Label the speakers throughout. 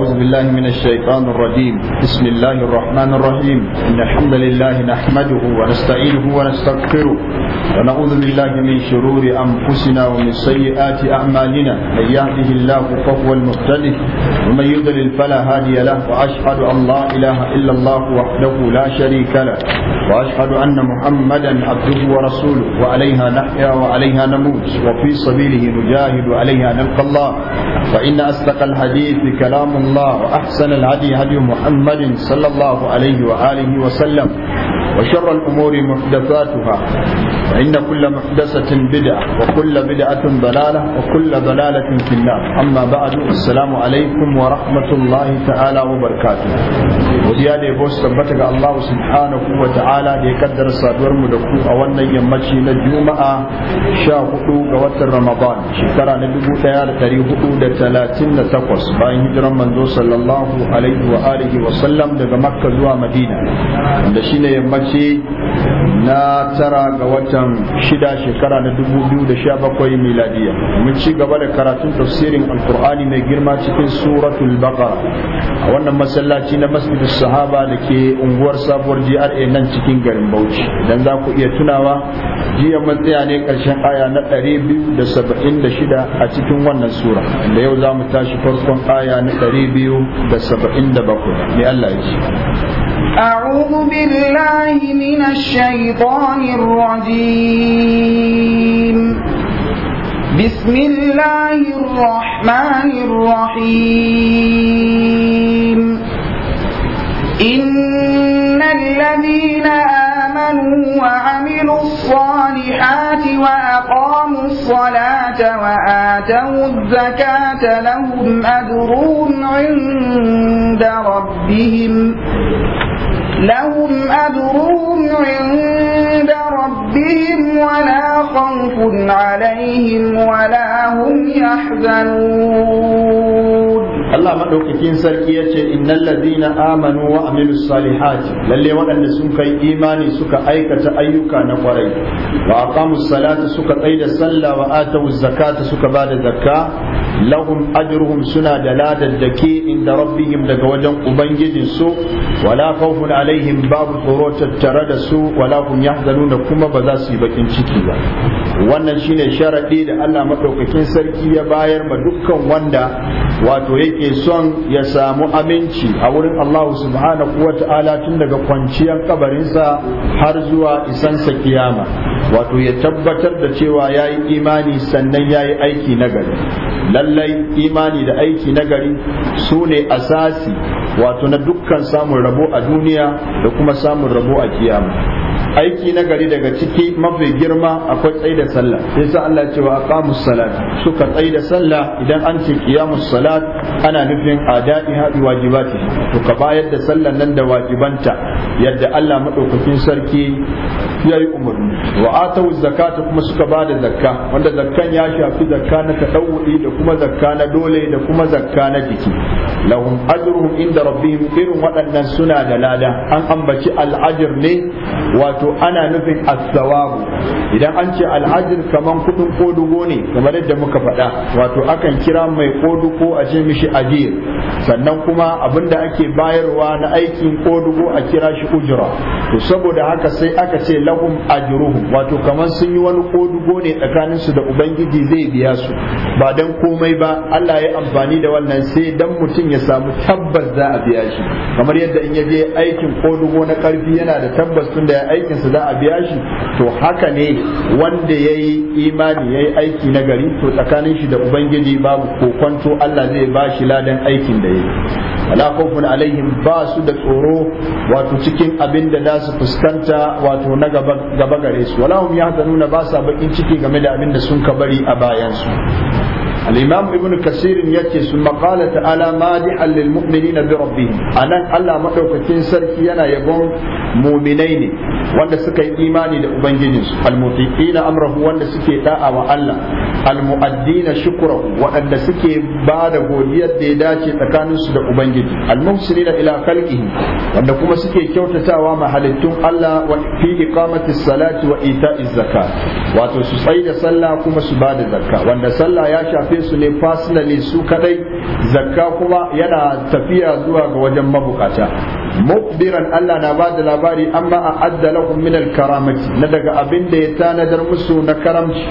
Speaker 1: أعوذ بالله من الشيطان الرجيم بسم الله الرحمن الرحيم إن الحمد لله نحمده ونستعينه ونستغفره ونعوذ بالله من شرور أنفسنا ومن سيئات أعمالنا من يهده الله فهو المهتدي ومن يضلل فلا هادي له وأشهد أن لا إله إلا الله وحده لا شريك له وأشهد أن محمدا عبده ورسوله وعليها نحيا وعليها نموت وفي سبيله نجاهد وعليها نلقى الله فإن أصدق الحديث كلام الله الله وأحسن الهدي هدي محمد صلى الله عليه وآله وسلم وشر الأمور محدثاتها فإن كل محدثة بدعة وكل بدعة ضلالة وكل ضلالة في النار أما بعد السلام عليكم ورحمة الله تعالى وبركاته وزيادة بوس تبتك الله سبحانه وتعالى ليقدر صادور مدكو أولا يمشي نجومة شاهدو قوات رمضان شكرا نبقو تيار تريه قودة ثلاثين تقوص باين هجرا منذ صلى الله عليه وآله وسلم لغا مكة زوا مدينة عند شين يمشي ce na tara ga watan shida shekara na 2017 miladiya mun ci gaba da karatun tafsirin alkur'ani mai girma cikin suratul baqara a wannan masallaci na masjid sahaba da ke unguwar sabuwar GRA nan cikin garin Bauchi idan za ku iya tunawa jiya matsaya ne karshen aya na 276 a cikin wannan sura da yau za mu tashi farkon aya na 277 ne Allah ya ji
Speaker 2: أعوذ بالله من الشيطان الرجيم بسم الله الرحمن الرحيم إن الذين آمنوا وعملوا الصالحات وأقاموا الصلاة وآتوا الزكاة لهم أجرهم عند ربهم لهم أجرهم عند ربهم ولا خوف عليهم ولا هم يحزنون
Speaker 1: Allah maɗaukakin sarki ya ce innal ladina amanu wa amilus salihat lalle waɗanda sun kai imani suka aikata ayyuka na kwarai wa aqamus salata suka tsaida sallah wa atawuz zakata suka bada zakka lahum ajruhum suna da ladaddaki inda rabbihim daga wajen ubangijin su wala khawfun alaihim babu tsoro tattare da su wala hum yahzanuna kuma ba za su yi bakin ciki ba wannan shine sharadi da Allah maɗaukakin sarki ya bayar ma dukkan wanda wato yake yake son ya samu aminci a wurin Allahu subhanahu wa ta'ala tun daga kwanciyar kabarinsa har zuwa isansa kiyama wato ya tabbatar da cewa ya yi imani sannan ya yi aiki nagari lallai imani da aiki nagari su ne asasi wato na dukkan samun rabo a duniya da kuma samun rabo a kiyama aiki na gari daga ciki mafi girma akwai tsaye da sallah sai Allah ce wa aqamu salat suka tsaye da sallah idan an ce qiyamu salat ana nufin adadi hadi wajibati to ka bayar da sallan nan da wajibanta yadda Allah madaukakin sarki ya yi umarni wa atawu zakata kuma suka ba da zakka wanda zakkan ya shafi zakka na tadawudi da kuma zakka na dole da kuma zakka na jiki lahum ajruhum inda rabbihim irin waɗannan suna da lada an ambaci al ne wa wato ana nufin as-sawabu idan an ce al'ajir kaman kudin kodugo ne kamar yadda muka faɗa wato akan kira mai kodugo a ce mishi ajir sannan kuma abinda ake bayarwa na aikin kodugo a kira shi ujra to saboda haka sai aka ce lahum ajruhum wato kaman sun yi wani kodugo ne tsakaninsu da ubangiji zai biya su ba dan komai ba Allah ya amfani da wannan sai dan mutum ya samu tabbas za a biya shi kamar yadda in ya je aikin kodugo na karfi yana da tabbas tun da ya aikinsa za a biya shi to haka ne wanda ya yi imani ya yi aiki na gari to tsakanin shi da ubangiji babu kokonto Allah zai ba shi ladan aikin da ya yi ala khawfun alaihim ba su da tsoro wato cikin abin da za su fuskanta wato na gaba gare su wala hum yahzanuna ba sa bakin ciki game da abin da sun ka bari a bayan su al-imam ibn kasir yace su maqala ta'ala allin lil mu'minina bi rabbihim anan Allah madaukakin sarki yana yabon mu'minai ne wanda suka yi imani da ubangijinsu al-mutiqina amrahu wanda suke da'a wa Allah al-mu'addina shukrahu waɗanda suke ba da godiyar da ya dace tsakaninsu da ubangiji al da ila khalqihi wanda kuma suke kyautatawa mahalittun Allah wa fi iqamati salati wa ita'iz zakat wato su tsaida sallah kuma su bada da zakka wanda sallah ya shafi. gare su ne personally su kadai zakka kuma yana tafiya zuwa ga wajen mabukata mukbiran Allah na ba da labari amma a adda lahum min al-karamati na daga abin da ya tanadar musu na karamci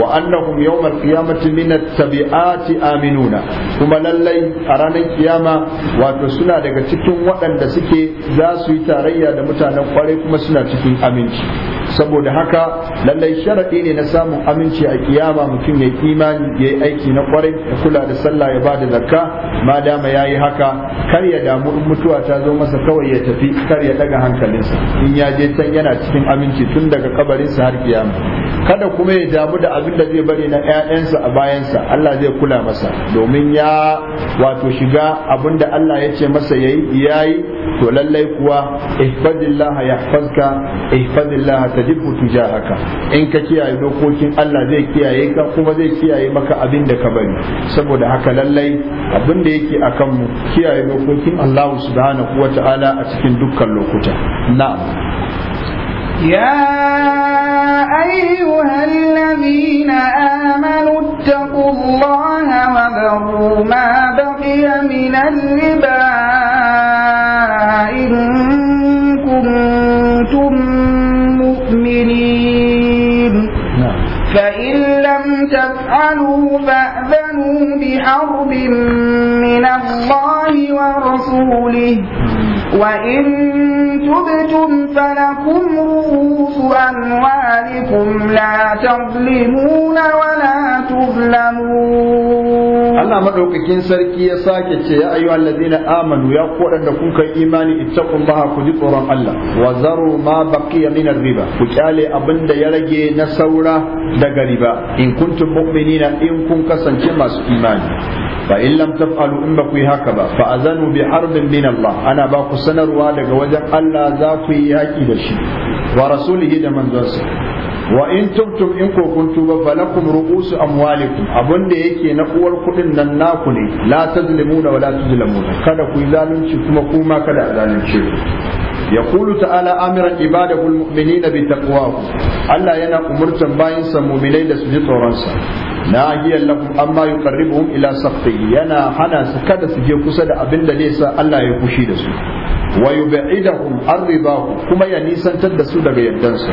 Speaker 1: wa annahum yawm al-qiyamati min at-tabi'ati aminuna kuma lallai a ranar kiyama wato suna daga cikin waɗanda suke za su yi tarayya da mutanen kwarai kuma suna cikin aminci saboda haka lallai sharaɗi ne na samun aminci a kiyama mutum ya imani ya yi aiki na kwarai ya kula da sallah ya bada zakka ma dama ya yi haka kar ya damu in mutuwa ta zo masa kawai ya tafi kar ya daga hankalinsa in ya je can yana cikin aminci tun daga kabarinsa har kiyama kada kuma ya damu da abin da zai bari na ƴaƴansa a bayansa Allah zai kula masa domin ya wato shiga abin da Allah ya ce masa yayi yayi to lallai kuwa ihfazillah yahfazka ihfazillah tajibu tujahaka in ka kiyaye dokokin Allah zai kiyaye ka kuma zai kiyaye maka abin da ka bari saboda haka lallai abin da yake akan mu kiyaye dokokin Allah subhanahu wata'ala a cikin dukkan lokuta na'am
Speaker 2: يا أيها الذين آمنوا اتقوا الله وذروا ما بقي من الربا إن كنتم مؤمنين نعم. فإن لم تفعلوا فأذنوا بحرب من الله ورسوله نعم. وإن تبتم فلكم رؤوس أموالكم
Speaker 1: maɗaukakin sarki ya sake ce ya ayyuha allazina amanu ya ku da kuka imani ittaqullaha ku ji tsoron Allah wa zaru ma baqiya min riba ku kyale abinda ya rage na saura daga riba in kuntum mu'minina in kun kasance masu imani fa in lam in ba yi haka ba fa azanu bi harbin min Allah ana baku sanarwa daga wajen Allah za ku yi yaki da shi wa rasuli bige wa in tumtum in ko kun tuba falakum a amwalikum abun da yake na uwar kuɗin nan naku ne la tazlimuna wa la tuzlamuna kada kuyi zalunci kuma kuma kada zalunci yaqulu ta'ala amira ibada almu'minina bi taqwahu Allah yana umurtan bayin sa mu'minai da su tsoronsa. tsoron sa na ajiyar lafin amma yi karribun ila sakfai yana hana su kada su je kusa da abin da zai sa Allah ya kushi da su wa yub'idahum baku kuma ya nisantar da su daga sa.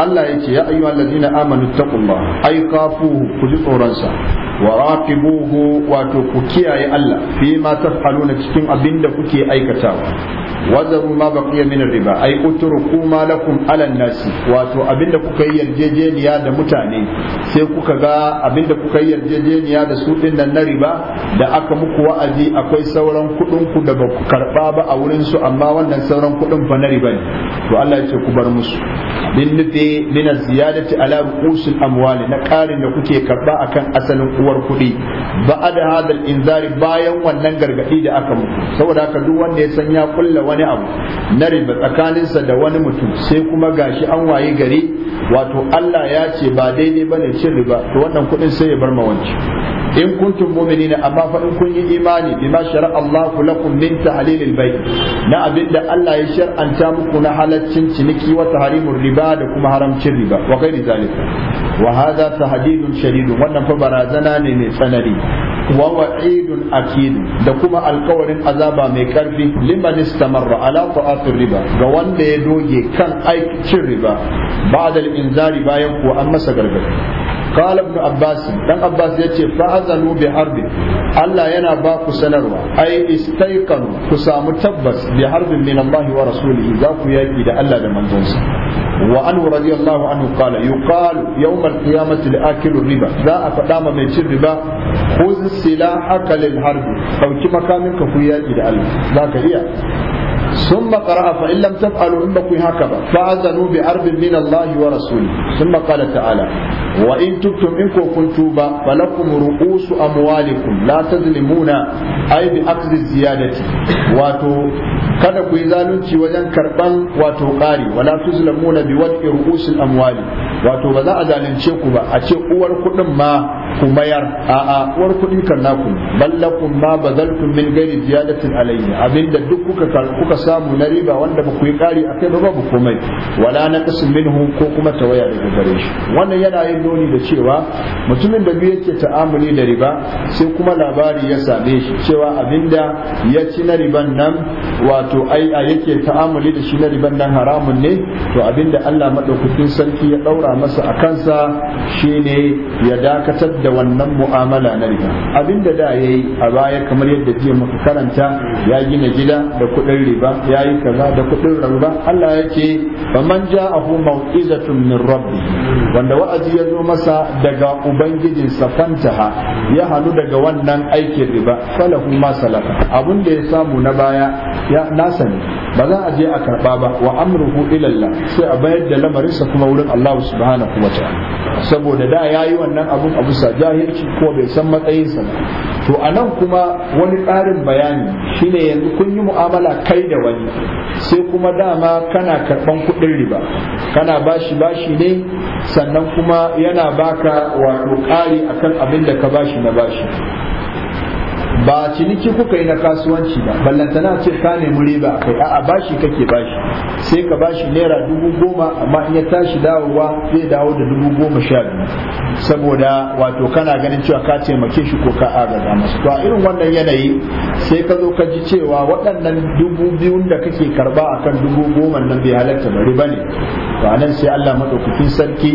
Speaker 1: Allah ya ce ya ayyuhallazina amanu taqullaha ay kafu ku ji tsoron waraqibuhu wato ku kiyaye Allah fi ma taf'aluna cikin abinda kuke aikatawa wazaru ma baqiya min riba ay utruku ma lakum ala nasi wato abin kuka yi yarjejeniya da mutane sai kuka ga abinda kuka yi yarjejeniya da su din nan na riba da aka muku wa'azi akwai sauran kudin ku da baku karba ba a wurin su amma wannan sauran kudin fa na riba ne to Allah ya ce ku bar musu bin nufi min ziyadati ala rusul amwali na ƙarin da kuke karba akan asalin uwar kuɗi ba da hadal inzari bayan wannan gargaɗi da aka mutu saboda haka duk wanda ya san ya kulla wani abu na riba tsakaninsa da wani mutum sai kuma gashi an wayi gari wato Allah ya ce ba daidai bane cin riba to wannan kuɗin sai ya bar ma in kuntum mu'minina amma fa in kun yi imani bima shara'a Allahu lakum min tahlilil bayt na abinda Allah ya shar'anta muku na halaccin ciniki wa tahrimur riba da kuma haramcin riba wa ghairi zalika wa hadha tahdidun shadidun wannan fa barazana ne mai tsanani wa wa'idun akid da kuma alkawarin azaba mai karfi liman istamarra ala ta'atir riba ga wanda ya doge kan aikin riba ba'da al-inzari bayan kuwa an masa gargadi قال ابن عباس ابن عباس يتي فأزلوا بحرب الله ينا باكو سنروا أي استيقنوا كسام تبس بحرب من الله ورسوله ذاكو يأتي إذا ألا لمن وأنه رضي الله عنه قال يقال يوم القيامة لآكل الربا لا أفدام من شر ربا خذ سلاحك للحرب أو كما كان منك فيا إلى الله ذاك هي ثم قرأ فإن لم تفعلوا إنكم هكذا فأذنوا بحرب من الله ورسوله ثم قال تعالى وإن تبتم إنكم كنتم فلكم رؤوس أموالكم لا تظلمون أي بأخذ الزيادة واتو kada ku yi zalunci wajen karban wato ƙari wala tuzlamuna bi wad'i ru'usil amwali wato ba za a zalunce ku ba a ce uwar kuɗin ma ku mayar a'a uwar kuɗi kan naku ballakum ma bazaltum min ghairi ziyadatin alayhi abinda duk kuka kuka samu na riba wanda ba ku yi ƙari akai ba babu komai wala na kasu minhu ko kuma tawaya daga gare shi wannan yana yin doni da cewa mutumin da biyu yake ta'amuli da riba sai kuma labari ya same shi cewa abinda ya ci na riban nan wato ai a yake ta'amuli da shi na riban nan haramun ne to abinda Allah madaukakin sarki ya daura masa a kansa shine ya dakatar da wannan mu'amala na riba abinda da yayi a baya kamar yadda jiya muka karanta ya gina gida da kuɗin riba ya yi kaza da kuɗin riba Allah ya ce faman ja'ahu mau'izatun min rabbi wanda wa'azi ya zo masa daga ubangijin fantaha ya hanu daga wannan aikin riba falahu ma salaka abin da ya samu na baya ya nasa ne ba za a je a karba ba wa amruhu ila Allah sai a bayar da lamarinsa kuma wurin Allah subhanahu wa ta'ala saboda da yayi wannan abun abu sa jahilci ko bai san matsayinsa ba to a nan kuma wani ƙarin bayani shine yanzu kun yi mu'amala kai da wani sai kuma dama kana karɓan kuɗin riba kana bashi bashi ne sannan kuma yana baka wato ƙari akan abin da ka bashi na bashi ba ciniki kuka yi na kasuwanci ba ballantana ce ka nemi riba kai a'a bashi kake bashi sai ka bashi naira dubu goma amma in ya tashi dawowa zai dawo da dubu goma sha biyu saboda wato kana ganin cewa ka taimake shi ko ka agaza masa to a irin wannan yanayi sai ka zo ka ji cewa waɗannan dubu biyun da kake karba akan dubu goma nan bai halatta ba ne to anan sai Allah madaukakin sarki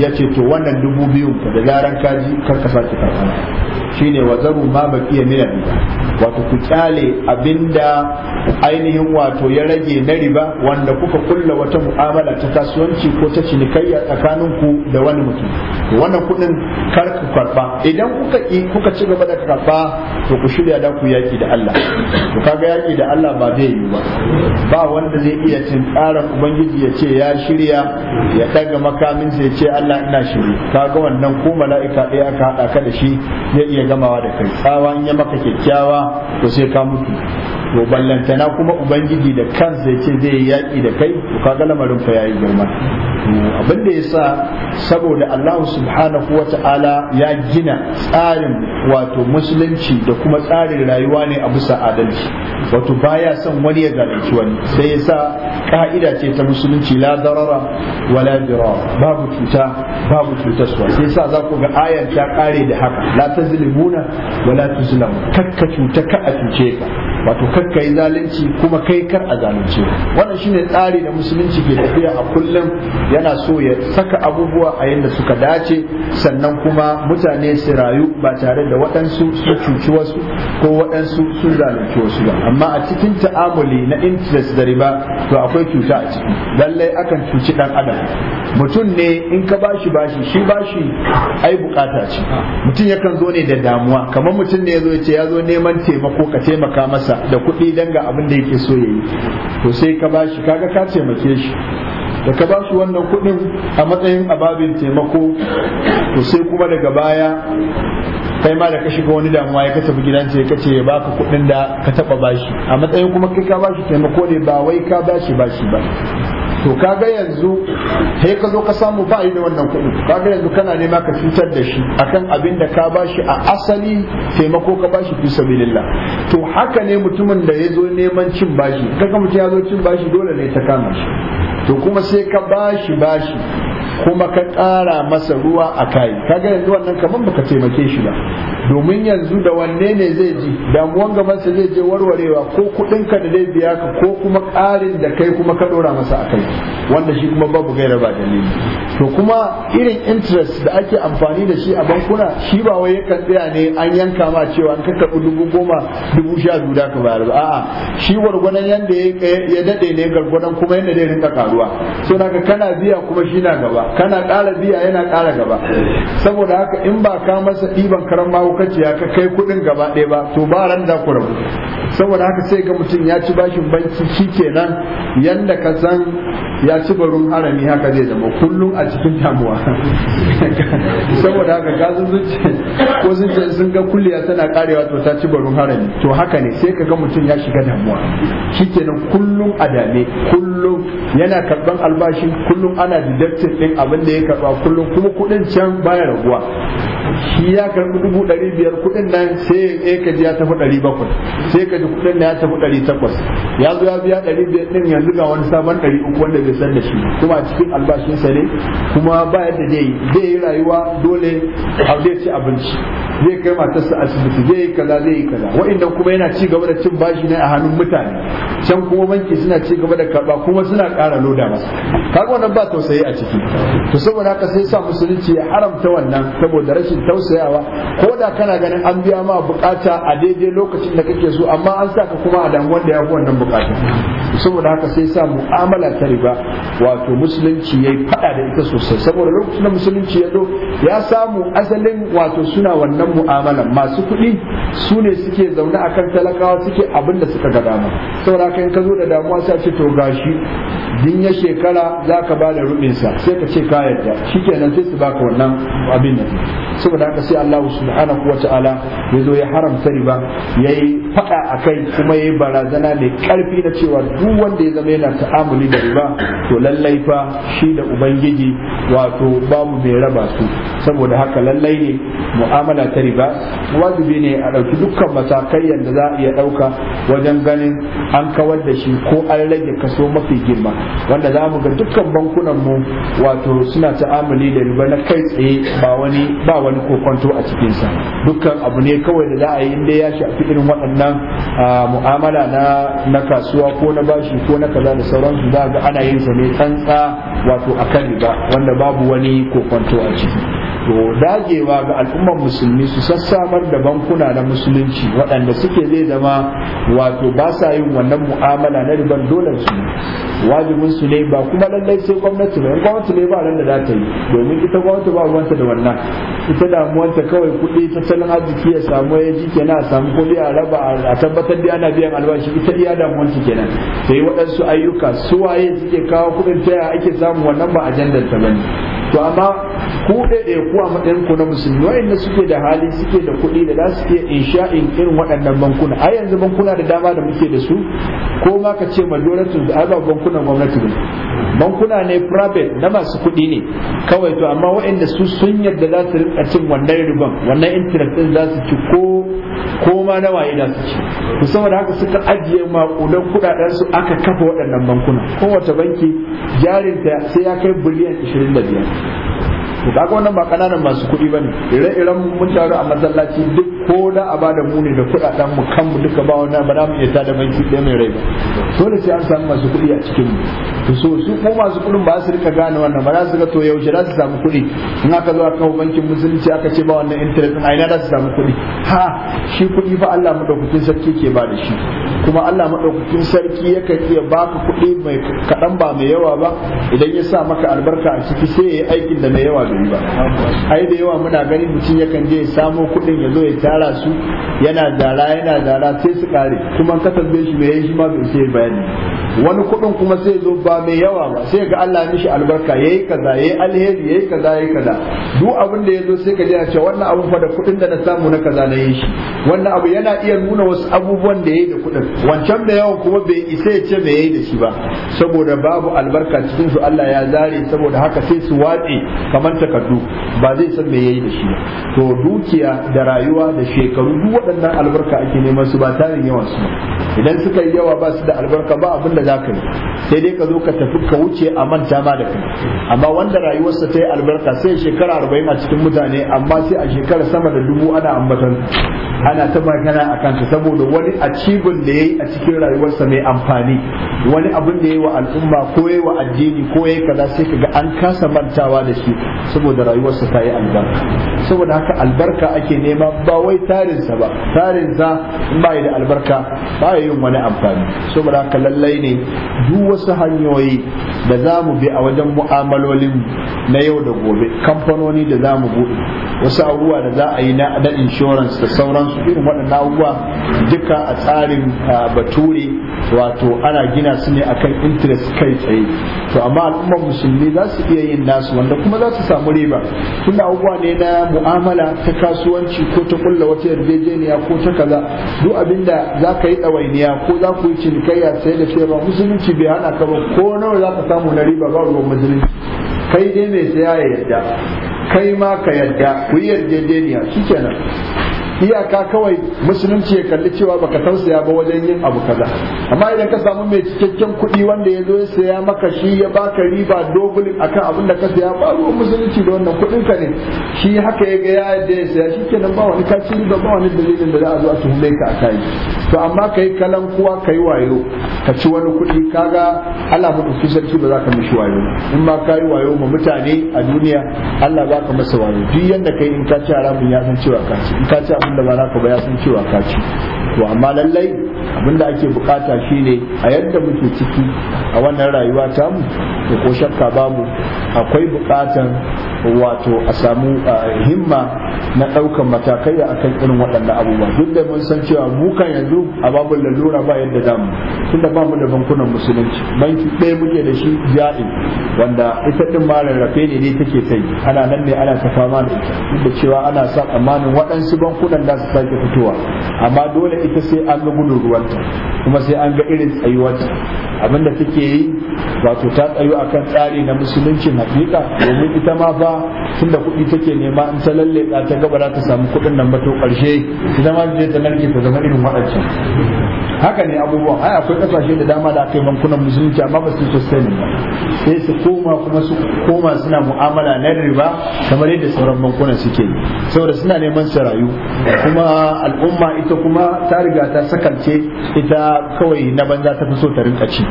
Speaker 1: ya ce to wannan dubu biyun ka da gyaran ka kar ka sake karɓa shine wa zaru ma bakiya mina riba wato ku kyale abinda ainihin wato ya rage na riba wanda kuka kulla wata mu'amala ta kasuwanci ko ta cinikayya tsakanin ku da wani mutum wannan kudin kar ku karba idan kuka ki kuka ci gaba da karba to ku shirya da ku yaki da Allah to kaga yaki da Allah ba zai yi ba ba wanda zai iya cin tsara ubangiji ya ce ya shirya ya daga makamin ya ce Allah ina shiri kaga wannan ko mala'ika ɗaya aka haɗa ka da shi zai iya gamawa da kai tsawa in ya maka kyakkyawa to sai ka mutu to ballantana kuma ubangiji da kansa ya ce zai yaƙi da kai to ka ga lamarin fa yayi girma abin ya sa saboda Allah subhanahu wa ta'ala ya gina tsarin wato musulunci da kuma tsarin rayuwa ne a bisa adalci wato baya son wani ya zalunci wani sai yasa ka'ida ce ta musulunci la darara wala dirar babu cuta babu cutarwa sai yasa za ku ga ayar ta kare da haka la tazlimuna wala tuzlamu kakka cuta ka a cuce ka wato kakka yi zalunci kuma kai kar a zalunce wannan shine tsari da musulunci ke tafiya a kullum yana so ya saka abubuwa a yadda suka dace sannan kuma mutane su rayu ba tare da waɗansu su cuci wasu ko waɗansu su zalunci wasu ba amma a cikin ta'amuli na interest da riba to akwai cuta a ciki lallai akan cuci ɗan adam mutum ne in ka bashi bashi shi bashi ai bukata ce mutum yakan zo ne da damuwa kamar mutum ne ya zo ya ce ya zo neman taimako ka taimaka masa da kuɗi dan ga abin da yake so yayi to sai ka bashi kaga ka taimake shi da ka bashi wannan kuɗin a matsayin ababin taimako to sai kuma daga baya kai ma da ka shiga wani damuwa ya kasafi ce ka ce ya baka kuɗin da ka taɓa bashi a matsayin kuma kai ka bashi taimako ne ba wai ka bashi bashi ba to kaga yanzu sai ka zo ka samu ba da wannan kuɗi kaga yanzu kana nema ka cutar da shi akan abin da ka bashi a asali taimako ka bashi fi sabilillah to haka ne mutumin da ya zo neman cin bashi kaga mutum ya zo cin bashi dole ne ta kama shi to kuma sai ka bashi bashi kuma ka ƙara masa ruwa a kai kaga yanzu wannan kaman baka taimake shi ba domin yanzu da wanne ne zai ji damuwan gabansa zai je warwarewa ko kuɗin ka da zai biya ka ko kuma ƙarin da kai kuma ka ɗora masa a kai wanda shi kuma babu gaira ba dalili to kuma irin interest da ake amfani da shi a bankuna shi ba wai yakan tsaya ne an yanka ma cewa an ka karɓi dubu goma dubu sha biyu da ka bayar ba a'a shi gwargwadon yanda ya daɗe ne gwargwadon kuma yanda zai rinka karuwa so naka kana biya kuma shi na gaba gaba kana ƙara biya yana ƙara gaba saboda haka in ba ka masa ɗiban karan mahaukaciya ka kai kuɗin gaba ɗaya ba to ba ran da ku rabu saboda haka sai ga mutum ya ci bashin banki shi kenan yanda ka san ya ci barun harami haka zai zama kullum a cikin damuwa saboda haka ka ko sun ce sun ga kulliya tana karewa to ta ci barun harami to haka ne sai ka ga mutum ya shiga damuwa shi kenan kullum a dame kullum yana karban albashi kullum ana deducting din abin da ya karba kullum kuma kudin can baya raguwa shi ya karbi dubu ɗari biyar kudin nan sai ya ka ya tafi ɗari bakwai sai ka ji kudin nan ya tafi ɗari takwas ya zo ya biya ɗari biyar ɗin yanzu ga wani sabon ɗari uku wanda bai san da shi kuma a cikin albashinsa ne kuma ba yadda zai zai yi rayuwa dole zai ci abinci zai kai matarsa asibiti zai yi kaza zai yi kaza wa'inda kuma yana ci gaba da cin bashi ne a hannun mutane can kuma banki suna ci gaba da karba kuma suna kara loda masa kaga wannan ba tausayi a ciki to saboda haka sai sa musulunci ya haramta wannan saboda rashin tausayawa ko da kana ganin an biya ma bukata a daidai lokacin da kake so amma an saka kuma a damuwar da ya fi wannan bukata saboda haka sai sa mu'amala ta riba wato musulunci ya yi fada da ita sosai saboda lokacin da musulunci ya zo ya samu asalin wato suna wannan mu'amalan masu kuɗi su ne suke zaune akan talakawa suke abin da suka ga dama saboda haka in ka zo da damuwa sai ce to gashi din shekara za ka ba da rubinsa sai ka ce ka yarda nan sai su baka wannan abin nan saboda haka sai Allah subhanahu wa ta'ala ya zo ya haramta riba ya yi faɗa a kai kuma ya yi barazana mai karfi na cewa duk wanda ya zama yana ta'amuli da riba to lallai fa shi da ubangiji wato babu mai raba su saboda haka lallai ne mu'amala ta riba wajibi ne a ɗauki dukkan matakai yadda za a iya ɗauka wajen ganin an kawar da shi ko an rage kaso mafi girma wanda za mu ga dukkan bankunan mu wato suna amali da riba na kai tsaye ba wani ba wani kokonto a cikinsa sa dukkan abu ne kawai da za a yi inda ya shafi irin waɗannan mu'amala na na kasuwa ko na bashi ko na kaza da sauransu za ga ana yin sa ne tsantsa wato akan riba wanda babu wani kokonto a ciki to dagewa ga al'ummar musulmi su sassamar da bankuna na musulunci waɗanda suke zai zama wato ba sa yin wannan mu'amala na riban dole su wajibin su ne ba kuma lallai sai gwamnati ba gwamnati ne ba nan da za ta yi domin ita gwamnati ba gwamnati da wannan ita damuwanta kawai kuɗi tattalin arziki ya samu ya ji kenan a samu kuɗi a raba a tabbatar da ana biyan albashi ita iya damuwanta kenan sai waɗansu ayyuka su waye suke kawo kuɗin taya ake samu wannan ba ajandar ta bane to amma ku ɗaiɗaiku Kuwa a matsayin ku na musulmi wa'anda suke da hali suke da kuɗi da za su iya insha'in irin waɗannan bankuna a yanzu bankuna da dama da muke da su ko ma ka ce majoratin da ba bankunan gwamnati ne bankuna ne private na masu kuɗi ne kawai to amma waɗanda su sun yadda za su rinka cin wannan riban wannan internet din za su ci ko ko ma waye za su ci musamman da haka suka ajiye maƙudan kuɗaɗen su aka kafa waɗannan bankuna kowace banki jarinta sai ya kai biliyan 25 to kaga wannan ba kananan masu kuɗi ne. ire-iren mun taru a masallaci duk ko da a bada mu ne da kuɗaɗen mu kan mu duka ba wannan ba za mu iya da banki ɗaya mai rai ba dole sai an samu masu kuɗi a cikin mu to so su ko masu kuɗin ba su rika gane wannan ba za su ga to yaushe za su samu kuɗi in aka zo aka bankin musulunci aka ce ba wannan interest din a za su samu kuɗi ha shi kuɗi fa Allah madaukakin sarki ke ba da shi kuma Allah madaukakin sarki yakan iya baka kuɗi mai kaɗan ba mai yawa ba idan ya sa maka albarka a ciki sai ya yi aikin da mai yawa su yi ai da yawa muna ganin mutum yakan je ya samo kuɗin ya zo ya tara su yana dara yana dara sai su kare kuma ka tambaye shi me yayi shi ma bai sai bayani wani kuɗin kuma sai zo ba mai yawa ba sai ga Allah mishi albarka yayi kaza yayi alheri yayi kaza yayi kaza duk abin da yazo sai ka ji a ce wannan abu fa da kuɗin da na samu na kaza na yi shi wannan abu yana iya nuna wasu abubuwan da yayi da kuɗin wancan da yawan kuma bai isa ya ce me yayi da shi ba saboda babu albarka cikin su Allah ya zare saboda haka sai su watse kamar takardu ba zai san me yayi da shi ba to dukiya da rayuwa da shekaru duk waɗannan albarka ake neman su ba tarin yawan su idan suka yi yawa ba su da albarka ba abin da za ka yi sai dai ka zo ka tafi ka wuce a manta ma da kai amma wanda rayuwarsa ta yi albarka sai shekara arba'in a cikin mutane amma sai a shekara sama da dubu ana ambatan ana ta magana a kanta saboda wani acibin da ya yi a cikin rayuwarsa mai amfani wani abin da ya yi wa al'umma ko ya wa addini ko ya kaza sai ka ga an kasa mantawa da shi saboda rayuwarsa ta yi albarka saboda haka albarka ake nema ba wai tarinsa ba tarinsa ba yi da albarka ba yin wani amfani saboda haka lallai ne duk wasu hanyoyi da za mu bi a wajen mu'amalolin na yau da gobe kamfanoni da za mu buɗe wasu abubuwa da za a yi na insurance da sauransu irin waɗannan abubuwa duka a tsarin bature wato ana gina su ne akan interest kai tsaye to amma al'ummar musulmi za su iya yin nasu wanda kuma za su samu samu riba tunda abubuwa ne na mu'amala ta kasuwanci ko ta kulla wata yarjejeniya ko ta kaza duk abinda za ka yi ɗawainiya ko za ku yi cinikayya sai da ba, musulunci bai hana ka ba ko nawa za ka samu na riba ba ruwan musulunci kai dai mai saya ya yadda kai ma ka yadda ku yi yarjejeniya shikenan iyaka kawai musulunci ya kalli cewa baka tausaya ba wajen yin abu kaza amma idan ka samu mai cikakken kuɗi wanda ya zo ya saya maka shi ya baka riba dogulin akan abin da ka saya ba ruwan musulunci da wannan kuɗin ka ne shi haka ya ga ya yadda ya saya shi kenan ba wani kaci riba ba wani dalilin da za a zo a tuhume ka a kai to amma kai kalan kuwa kai wayo ka ci wani kuɗi kaga Allah madaukakin sarki ba za ka mishi wayo in ma kai wayo ma mutane a duniya Allah za ka masa wayo duk yanda kai in ka ci haramun ya san cewa ka ci in ka ci abin da ba za ka ba ya san cewa ka ci to amma lallai abin da ake bukata shine a yadda muke ciki a wannan rayuwa ta mu ko shakka babu akwai bukatan wato a samu himma na ɗaukan matakai akan irin waɗannan abubuwa duk da mun san cewa mu kan yanzu a babu lalura ba yadda damu tunda da babu da bankunan musulunci banki ɗaya muke da shi ja'in wanda ita din marar rafe ne ne take ke ana nan ne ana ta ma da ita duk cewa ana sa tsammanin waɗansu bankunan za su sake fitowa amma dole ita sai an ga gudun ruwanta kuma sai an ga irin tsayuwarta abinda take yi wato ta tsayu kan tsari na musuluncin hakika domin ita ma fa tunda kuɗi take nema in ta lalle ta gaba za ta samu kuɗin nan ba to ƙarshe ita ma zai ta narke ta zama irin waɗancan haka ne abubuwan ai akwai kasashe da dama da aka yi bankunan musulunci amma ba su sosai ba sai su koma kuma su koma suna mu'amala na riba kamar yadda sauran bankunan suke yi saboda suna neman su rayu kuma al'umma ita kuma ta riga ta sakance ita kawai na banza ta fi so ta rinka ci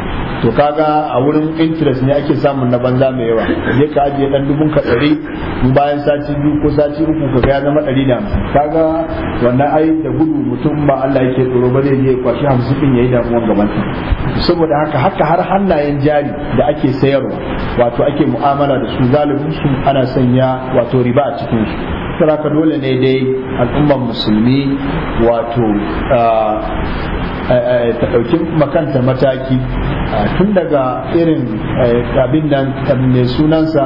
Speaker 1: to kaga a wurin interest ne ake samun na banza mai yawa je ka ajiye dan dubun ka ɗari bayan sati biyu ko sati uku ka ya zama ɗari da hamsin kaga wannan ai da gudu mutum ba Allah yake tsoro ba zai je kwashi hamsin din yayi damuwan gaban saboda haka haka har hannayen jari da ake sayarwa wato ake mu'amala da su zalibin su ana sanya wato riba a cikin su saboda dole ne dai al'ummar musulmi wato ta ɗauki makanta mataki tun daga irin abin nan mai sunansa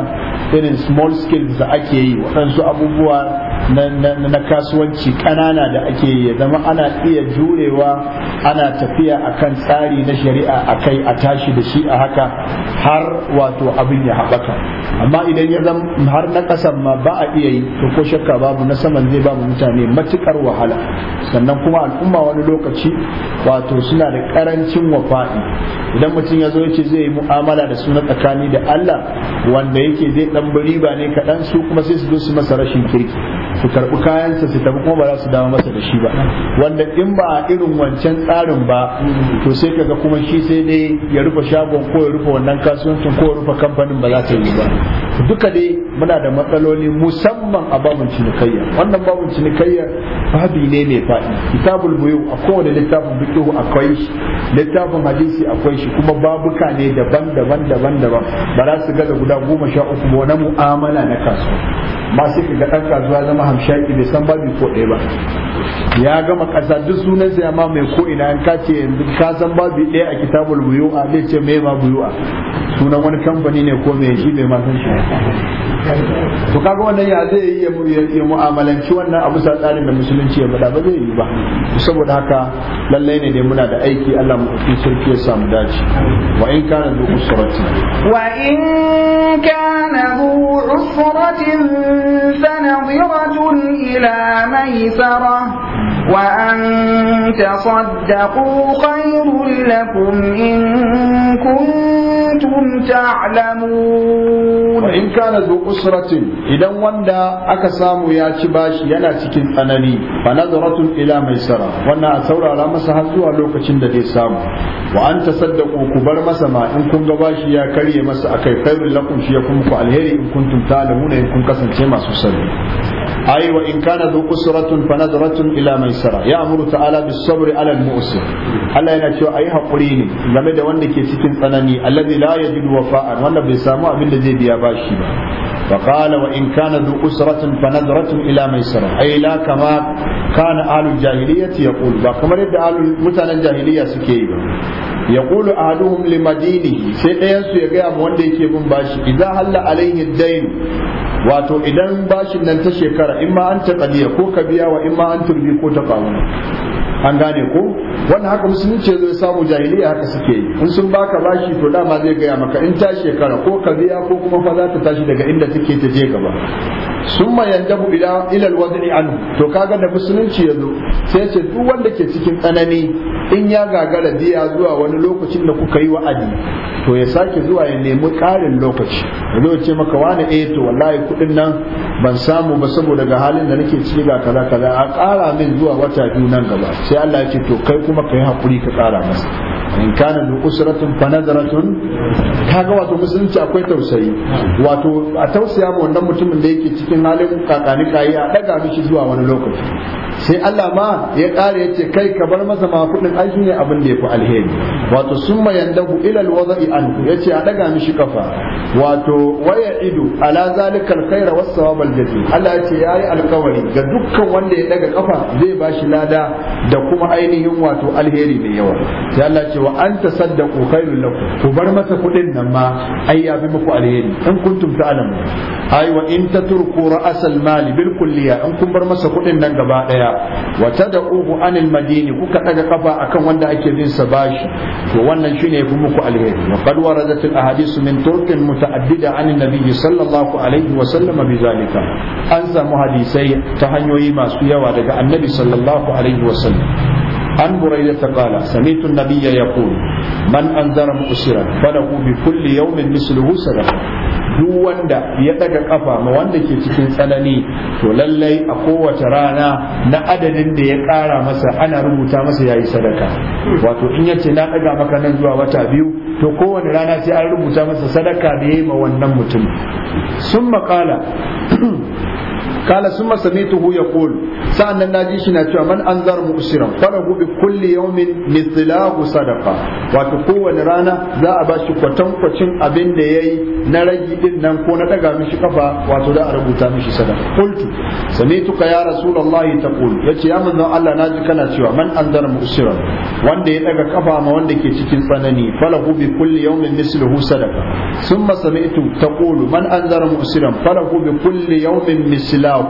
Speaker 1: irin small skills da ake yi waɗansu abubuwa na kasuwanci ƙanana da ake yi zama ana iya jurewa ana tafiya akan tsari na shari'a akai a tashi da shi a haka har wato abin ya haɓaka amma idan ya zama har na ƙasan ma ba a iya yi to ko shakka babu na saman zai ba mutane matuƙar wahala sannan kuma al'umma wani lokaci wato suna da ƙarancin wafa'i idan mutum ya zo ya zai yi mu'amala da sunan tsakani da Allah wanda yake zai ɗan riba ne kaɗan su kuma sai su zo su masa rashin kirki su karɓi kayansa su tafi kuma ba za su dawo masa da shi ba wanda in ba a irin wancan tsarin ba to sai kaga kuma shi sai dai ya rufe shagon ko ya rufe wannan kasuwancin ko ya rufe kamfanin ba za ta yi ba duka dai muna da matsaloli musamman a babin cinikayya wannan babin cinikayya babi ne mai faɗi kitabul buyu a kowane littafin bikihu akwai shi littafin hadisi akwai shi kuma babuka ne daban-daban daban-daban ba za su gaza guda goma sha uku ba na mu'amala na kasuwa ba sai ka ga ɗan kasuwa zama hamshaki bai san babu ko ɗaya ba ya gama ƙasa duk sunan ma mai ko ina an kace yanzu ka san babi ɗaya a kitabul buyu'a zai ce me ma a sunan wani kamfani ne ko me shi mai ma san
Speaker 2: shi
Speaker 1: to kaga wannan ya zai yi ya mu'amalanci wannan abu sa tsari da musulunci ya faɗa ba zai yi ba saboda haka lallai ne muna da aiki Allah mu ɗauki sarki ya samu dace wa in kana zu usrati
Speaker 2: wa in kana zu usratin sanadiratun ila maisara wa an tasaddaqu khairul lakum in kuntum kuntum ta'lamun
Speaker 1: wa in idan wanda aka samu ya ci bashi yana cikin tsanani fa nadratun mai sara, wannan a saurara masa har zuwa lokacin da zai samu wa an tasaddaqu ku bar masa ma in kun ga bashi ya karye masa a khairul lakum shi ya kuma ku alheri in kun kuntum ta'lamun in kun kasance masu sani أي وإن كان ذو أسرة فنظرة إلى ميسرة يأمر تعالى بالصبر على المؤسر ألا ينتهي أيها قريني لما دوان لكي سكن تنني الذي لا يجد وفاء وانا بسامع من الذي بياباشي فقال وإن كان ذو أسرة فنظرة إلى ميسرة أي لا كما كان أهل الجاهلية يقول وكما رد أهل مثلا الجاهلية سكيبا يقول أهلهم لمدينه سيئا سيئا وان لكي من باشي إذا هل عليه الدين wato idan bashin nan ta shekara in ma an taƙaliya ko ka biya wa in ma an turbi ko ta ƙaru an gane ko wannan haka musulunci zai samu jahiliya haka suke yi in sun baka bashi to dama zai gaya maka in ta shekara ko ka biya ko kuma fa za ta tashi daga inda take ta je gaba summa yandabu ila ila alwad'i an to kaga da musulunci yazo sai ce duk wanda ke cikin tsanani in ya gagara biya zuwa wani lokacin da kuka yi wa'adi to ya sake zuwa ya nemi ƙarin lokaci yanzu ya ce maka wani eh to wallahi kuɗin nan ban samu ba saboda ga halin da nake ciki ga kaza kaza a ƙara min zuwa wata biyu nan gaba sai Allah ya ce to kai kuma kai hakuri ka kara masa in kana da usratun fa nazaratun kaga wato musulunci akwai tausayi wato a tausaya ma wannan mutumin da yake cikin halin kakani kai a daga mishi zuwa wani lokaci sai Allah ma ya kare ya ce kai ka bar masa ma kudin aiki ne abin da yafi alheri wato summa yandahu ila alwada'i an yace a daga mishi kafa wato waya idu ala zalikal khaira was sawabal jazil Allah ya ce yayi alkawari ga dukkan wanda ya daga kafa zai bashi lada da kuma ainihin wato alheri mai yawa sai Allah ce wa anta saddaqu khairul lakum ku bar masa kudin nan ma ai ya fi muku alheri in kuntum ta'lamu ai wa in tatruku ra'asal mali bil kulliya in kun bar masa kudin nan gaba daya wa tad'uhu anil madini kuka daga kafa akan wanda ake bin sa bashi to wannan shine ya fi muku alheri wa qad waradat al ahadith min turqin muta'addida an nabiyyi sallallahu alaihi wa sallama bi zalika an samu hadisai ta hanyoyi masu yawa daga annabi sallallahu alaihi wa sallam عن بريدة قال سمعت النبي يقول من أنذر مؤسرا فله بكل يوم مثله صدقة duk wanda ya daga kafa ma wanda ke cikin tsanani to lallai a kowace rana na adadin da ya kara masa ana rubuta masa yayi sadaka wato in yace na daga maka nan zuwa wata biyu to kowane rana sai an rubuta masa sadaka da ya yi ma wannan mutum sun makala kala sun masamituhu ya kul sa'an nan naji shi na cewa man an zara zar mu'siran falahu bi kulli yawmin mithlahu sadaka. wato kowane rana za a bashi kwatan kwacin abin da ya yi na ragi din nan ko na daga mishi kafa wato za a rubuta mishi sadaka Samitu ka ya rasulullahi ta Kulu. ya ce manzon Allah naji kana cewa man an zara mu mu'siran wanda ya daga kafa ma wanda ke cikin tsanani fara bi بكل يوم مثله صدقه ثم سمعت تقول من انذر مؤسرا فله بكل يوم مثله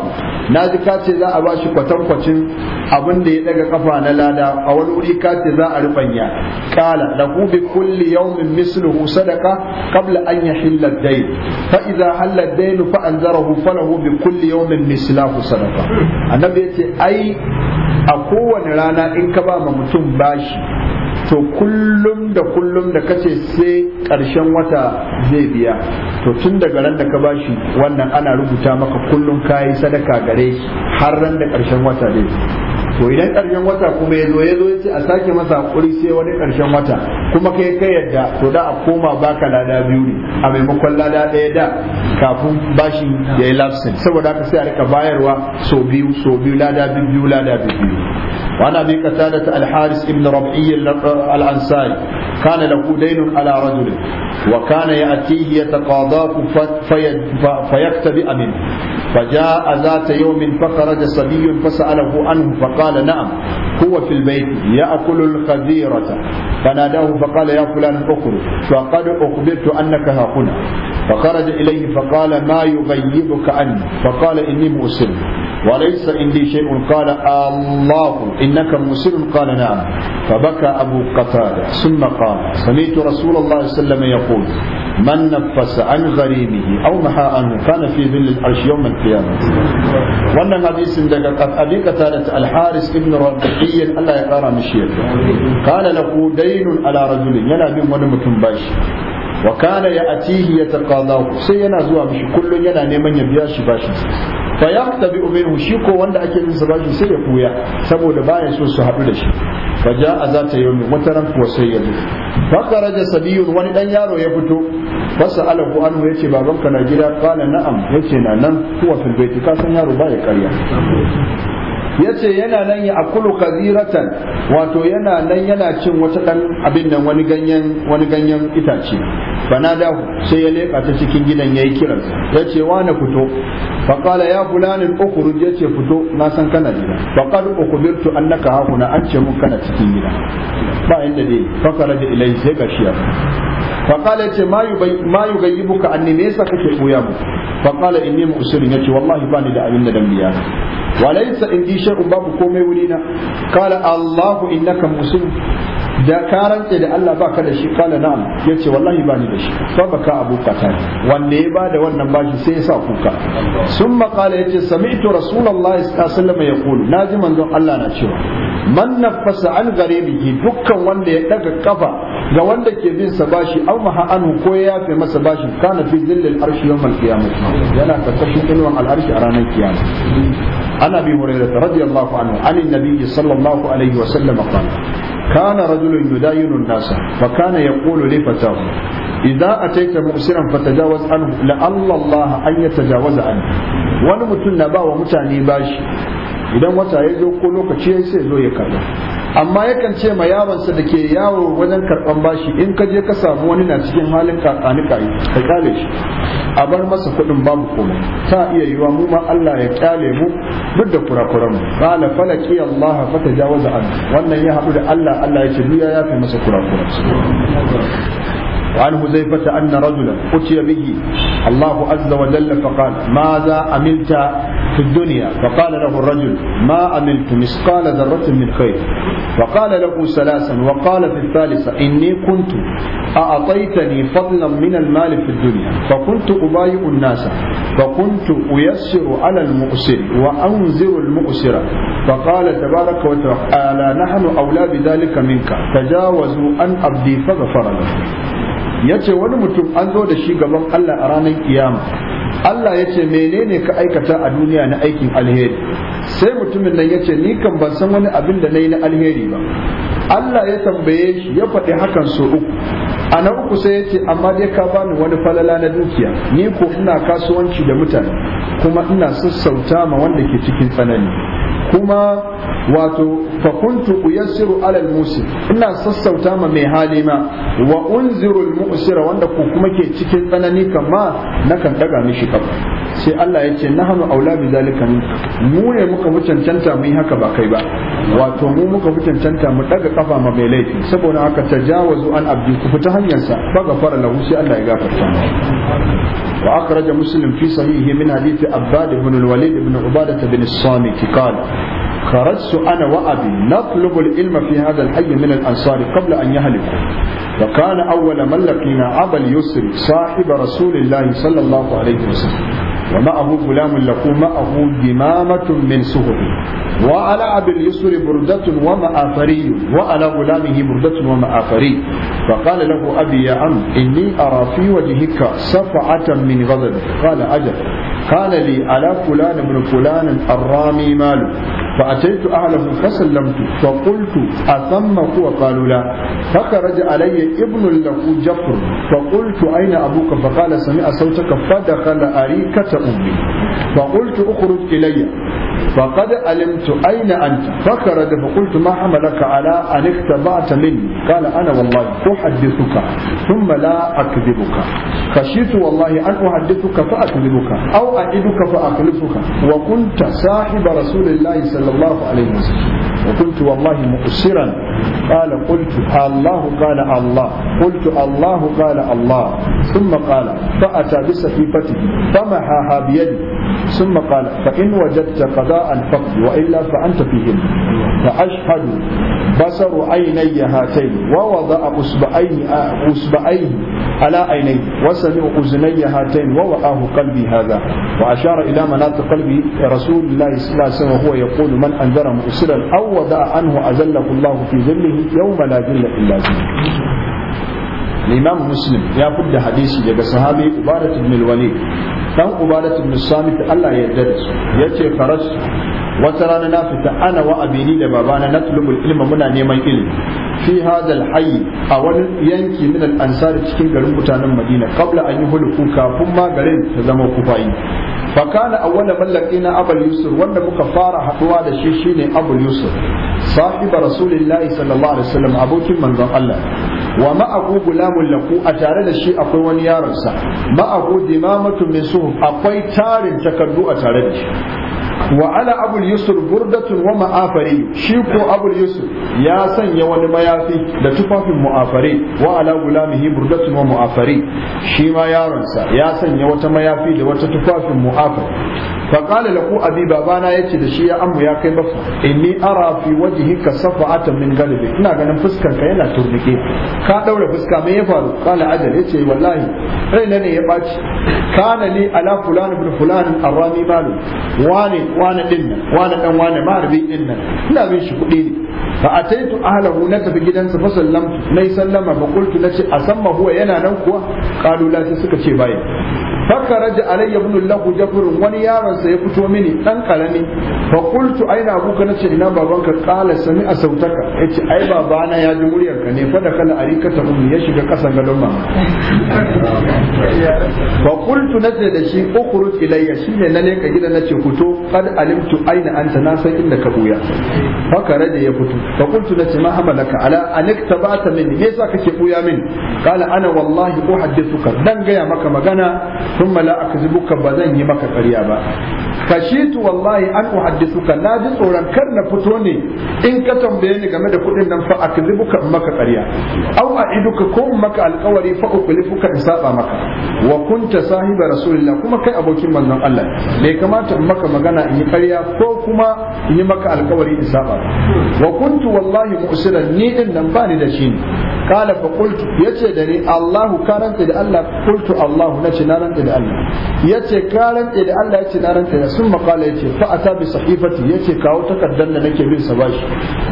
Speaker 1: na ji kace za a bashi kwatankwacin abin da ya daga kafa na lada a wani wuri kace za a rufanya kala da bi kulli yawmin misluhu sadaka qabla an ya ad-dayn fa idha halla ad-dayn fa anzarahu falahu bi kulli yawmin misluhu sadaka annabi yace ai a kowane rana in ka ba ma mutum bashi to kullum da kullum da kace sai karshen wata zai biya to tun daga ran da ka bashi wannan ana rubuta maka kullum kayi sadaka gare shi har ran da ƙarshen wata zai to idan karshen wata kuma ya zo ya zo a sake masa hakuri sai wani karshen wata kuma kai ka yadda to da a koma baka lada biyu ne a maimakon lada ɗaya da kafin bashi ya yi lapsin saboda haka sai a rika bayarwa so biyu so biyu lada biyu lada biyu وعن أبي قتادة الحارس بن ربعي الأنصاري كان له دين على رجل وكان يأتيه يتقاضاه فيكتبئ منه فجاء ذات يوم فخرج صبي فسأله عنه فقال نعم هو في البيت يأكل الخذيرة فناداه فقال يا فلان اخرج فقد أخبرت أنك ها هنا فخرج إليه فقال ما يغيبك عني فقال إني مسلم وليس عندي شيء قال الله إنك مسر قال نعم فبكى أبو قتادة ثم قال سمعت رسول الله صلى الله عليه وسلم يقول من نفس عن غريمه أو محى عنه كان في ظل العرش يوم القيامة وأن حديث أبي قتادة الحارس ابن ربيع الله يقرأ مشير قال له دين على رجل ينام ونمتم باش wa kana ya atihi ya taqadahu sai yana zuwa mishi kullun yana neman ya biya shi bashi fa yaqtabi minhu shi ko wanda ake yin sa bashi sai ya koya saboda baya so su hadu da shi fa ta zata yawmi wataran kuwa sai ya zo fa karaja sabiyun wani dan yaro ya fito fa sa'alahu anhu ce babanka na gida kana na'am yace na nan kuwa fil baiti ka san yaro baya karya yace yana nan ya akulu kadiratan wato yana nan yana cin wata dan abin nan wani ganyen wani ganyen itace fanada sai ya leka ta cikin gidan yayi kiran yace wa na fito faqala ya fulanin ukhruj yace fito na san kana gida faqad ukhbirtu annaka hakuna an ce mun kana cikin gida ba inda dai fakara da ilai sai gashi فقال يتي ما يبي ما يغيبك عني ميسا كتي بويام فقال اني مؤسر يتي والله باني دا ابن دم بيان وليس عندي شيء باب كومي ولينا قال الله انك مسلم da karanta da Allah baka da shi kala na'am yace wallahi bani da shi fa baka abu kata Wanne ya bada wannan bashi sai ya sa kuka summa qala yace sami'tu rasulullahi sallallahu alaihi wasallam yaqul naji manzon Allah na cewa man nafasa an garibi dukkan wanda ya daga kafa ga wanda ke bin sa bashi bashi aw maha anu ko ya yafe masa bashi kana fi zillil arshi al qiyamah yana karkashin inuwan al'arshi a ranar kiyama ana bi hurairah radiyallahu anhu an nabiyyi sallallahu alaihi wa sallam qala kana rajulun yudayinu an nas fa kana yaqulu li fatahu idza ataita mu'siran fatajawaz anhu la Allah an yatajawaza anhu wani mutum na ba wa mutane bashi idan wata ya zo ko lokaci ya sai zo ya karba amma yakan ce ma yaronsa da ke yawo wajen karban bashi in ka je ka samu wani na cikin halin kakani kai ka kyale shi a bar masa kuɗin babu komai ta iya yiwa mu ma Allah ya kyale mu duk da kurakuran mu qala falaki Allah fa tajawaza an wannan ya haɗu da Allah Allah ya ce duk ya yafe masa kurakuran وعن حذيفة أن رجلا أتي به الله عز وجل فقال ماذا عملت في الدنيا فقال له الرجل ما عملت مثقال ذرة من خير فقال له ثلاثا وقال في الثالثة إني كنت أعطيتني فضلا من المال في الدنيا فكنت أبايع الناس فكنت أيسر على المؤسر وأنزر المؤسر فقال تبارك وتعالى نحن أولى بذلك منك تجاوزوا أن أبدي فغفر له ya ce wani mutum an zo da shi gaban Allah a ranar kiyama Allah ya ce menene ka aikata a duniya na aikin alheri sai mutumin nan ya ce ni kan ban san wani abin da na yi na alheri ba Allah ya tambaye shi ya faɗi hakan so uku a na uku sai ya ce amma dai ka bani wani falala na dukiya ni ko ina kasuwanci da mutane kuma ina sassauta ma wanda ke cikin tsanani kuma wato fa kuntu uyassiru Alal al ina sassauta ma mai hali ma wa unziru al-musira wanda ku kuma ke cikin tsanani kama kan daga mishi kafa sai Allah ya ce nahnu aula bi zalika mu ne muka fi cancanta mu yi haka ba kai ba wato mu muka fi cancanta mu daga kafa ma mai laifi saboda haka tajawazu an abdi ku fita hanyarsa fa gafara lahu sai Allah ya gafarta wa akhraja muslim fi sahihi min hadith abbad ibn al-walid ibn ubadah bin خرجت أنا وأبي نطلب العلم في هذا الحي من الأنصار قبل أن يهلكوا وكان أول من لقينا أبا اليسر صاحب رسول الله صلى الله عليه وسلم ومعه غلام له معه دمامة من سهر وعلى أبي اليسر بردة ومآثري وعلى غلامه بردة ومآثري فقال له أبي يا عم إني أرى في وجهك سفعة من غضب قال أجل قال لي على فلان بن فلان الرامي مال فأتيت أعلم فسلمت فقلت أثم هو قالوا لا فخرج علي ابن له جفر فقلت أين أبوك فقال سمع صوتك فدخل أريكة أمي فقلت أخرج إلي فقد علمت أين أنت فخرج فقلت ما حملك على أن اختبأت مني قال أنا والله أحدثك ثم لا أكذبك خشيت والله أن أحدثك فأكذبك أو أعدك فأخلفك وكنت صاحب رسول الله صلى الله عليه وسلم وقلت والله مقصرا قال قلت الله قال الله قلت الله قال الله ثم قال فأتى بسفيفته فمحاها بيدي ثم قال فإن وجدت قضاء فقد وإلا فأنت فيهم فأشهد بصر عيني هاتين ووضع أصبعين أصبعين على عيني وسمع أذني هاتين ووعاه قلبي هذا وأشار إلى مناط قلبي رسول الله صلى الله عليه وسلم وهو يقول من أنذر مؤسرا أو wada anhu azallahu Allah fi zillihi yawma la Muslim ya fidda hadisi daga sahabi Ubadat ibn al-Walid dan Ubadat ibn Samit Allah ya yarda da su ce faras wata rana na fita ana wa abini da babana na tulubul ilma muna neman ilimi fi hadal hayy a wani yanki min al da cikin garin mutanen Madina kabla an yi huluku kafin ma garin ta zama kufayi fa a awwala mallaki na abul yusuf wanda muka fara haduwa da shi shine abul yusuf sahiba rasulillahi sallallahu alaihi wasallam abokin manzon Allah wa ma'ahu gulamun laku a tare da shi akwai wani yaronsa ma'ahu dimamatu min suhuf akwai tarin takardu a tare da shi wa ala abul yusuf burdatun wa ma'afari shi ko abul yusuf ya sanya wani mayafi da tufafin mu'afari wa ala gulamihi burdatun wa mu'afari shi ma yaronsa ya sanya wata mayafi da wata tufafin mu'afari fa qala lahu abi babana yace da shi ya ammu ya kai bafa inni ara fi wajhika safa'atan min galibi ina ganin fuskar ka yana turbike ka daura fuska me ya faru qala ajal yace wallahi raina ne ya baci kana li ala fulan ibn fulan arami malu wani wane din nan wane dan wane maharbi din nan ina bin shi kuɗi ne fa ataitu ahlahu na tafi gidansa fa sallam nai sallama fa qultu lati asamma huwa yana nan kuwa qalu lati suka ce bai fakaraja alayya ibn lahu jabrun wani yaron sa ya fito mini dan karami fa qultu aina abuka nace ina babanka qala sami a sautaka yace ai babana ya ji muryar ka ne fa da kana arika ta mun ya shiga kasan gadon ma fa qultu nace da shi ukhruj ilayya shine na ka gida nace fito qad alimtu aina anta na san inda ka buya raja ya fito fa qultu nace ma hamalaka ala aniktabata mini me yasa kake buya min qala ana wallahi uhaddithuka dan gaya maka magana thumma la akzibuka ba zan yi maka ƙarya ba tu wallahi an uhaddithuka na ji tsoron kar na fito ne in ka tambaye ni game da kuɗin nan fa akzibuka maka ƙarya aw a'iduka ko maka alƙawari fa uklifuka in saba maka wa kunta sahiba rasulillah kuma kai abokin manzon Allah bai kamata in maka magana in yi ƙarya ko kuma in yi maka alƙawari in saba wa kuntu wallahi mu'siran ni din nan bani da shi ne قال فقلت يتي دني الله كارنت إلى الله قلت الله نتي نارن إلى الله يتي كارنت إلى الله يتي نارن إلى ثم قال يتي فأتى بصحيفتي يتي كاو تكدن نكي بين سباش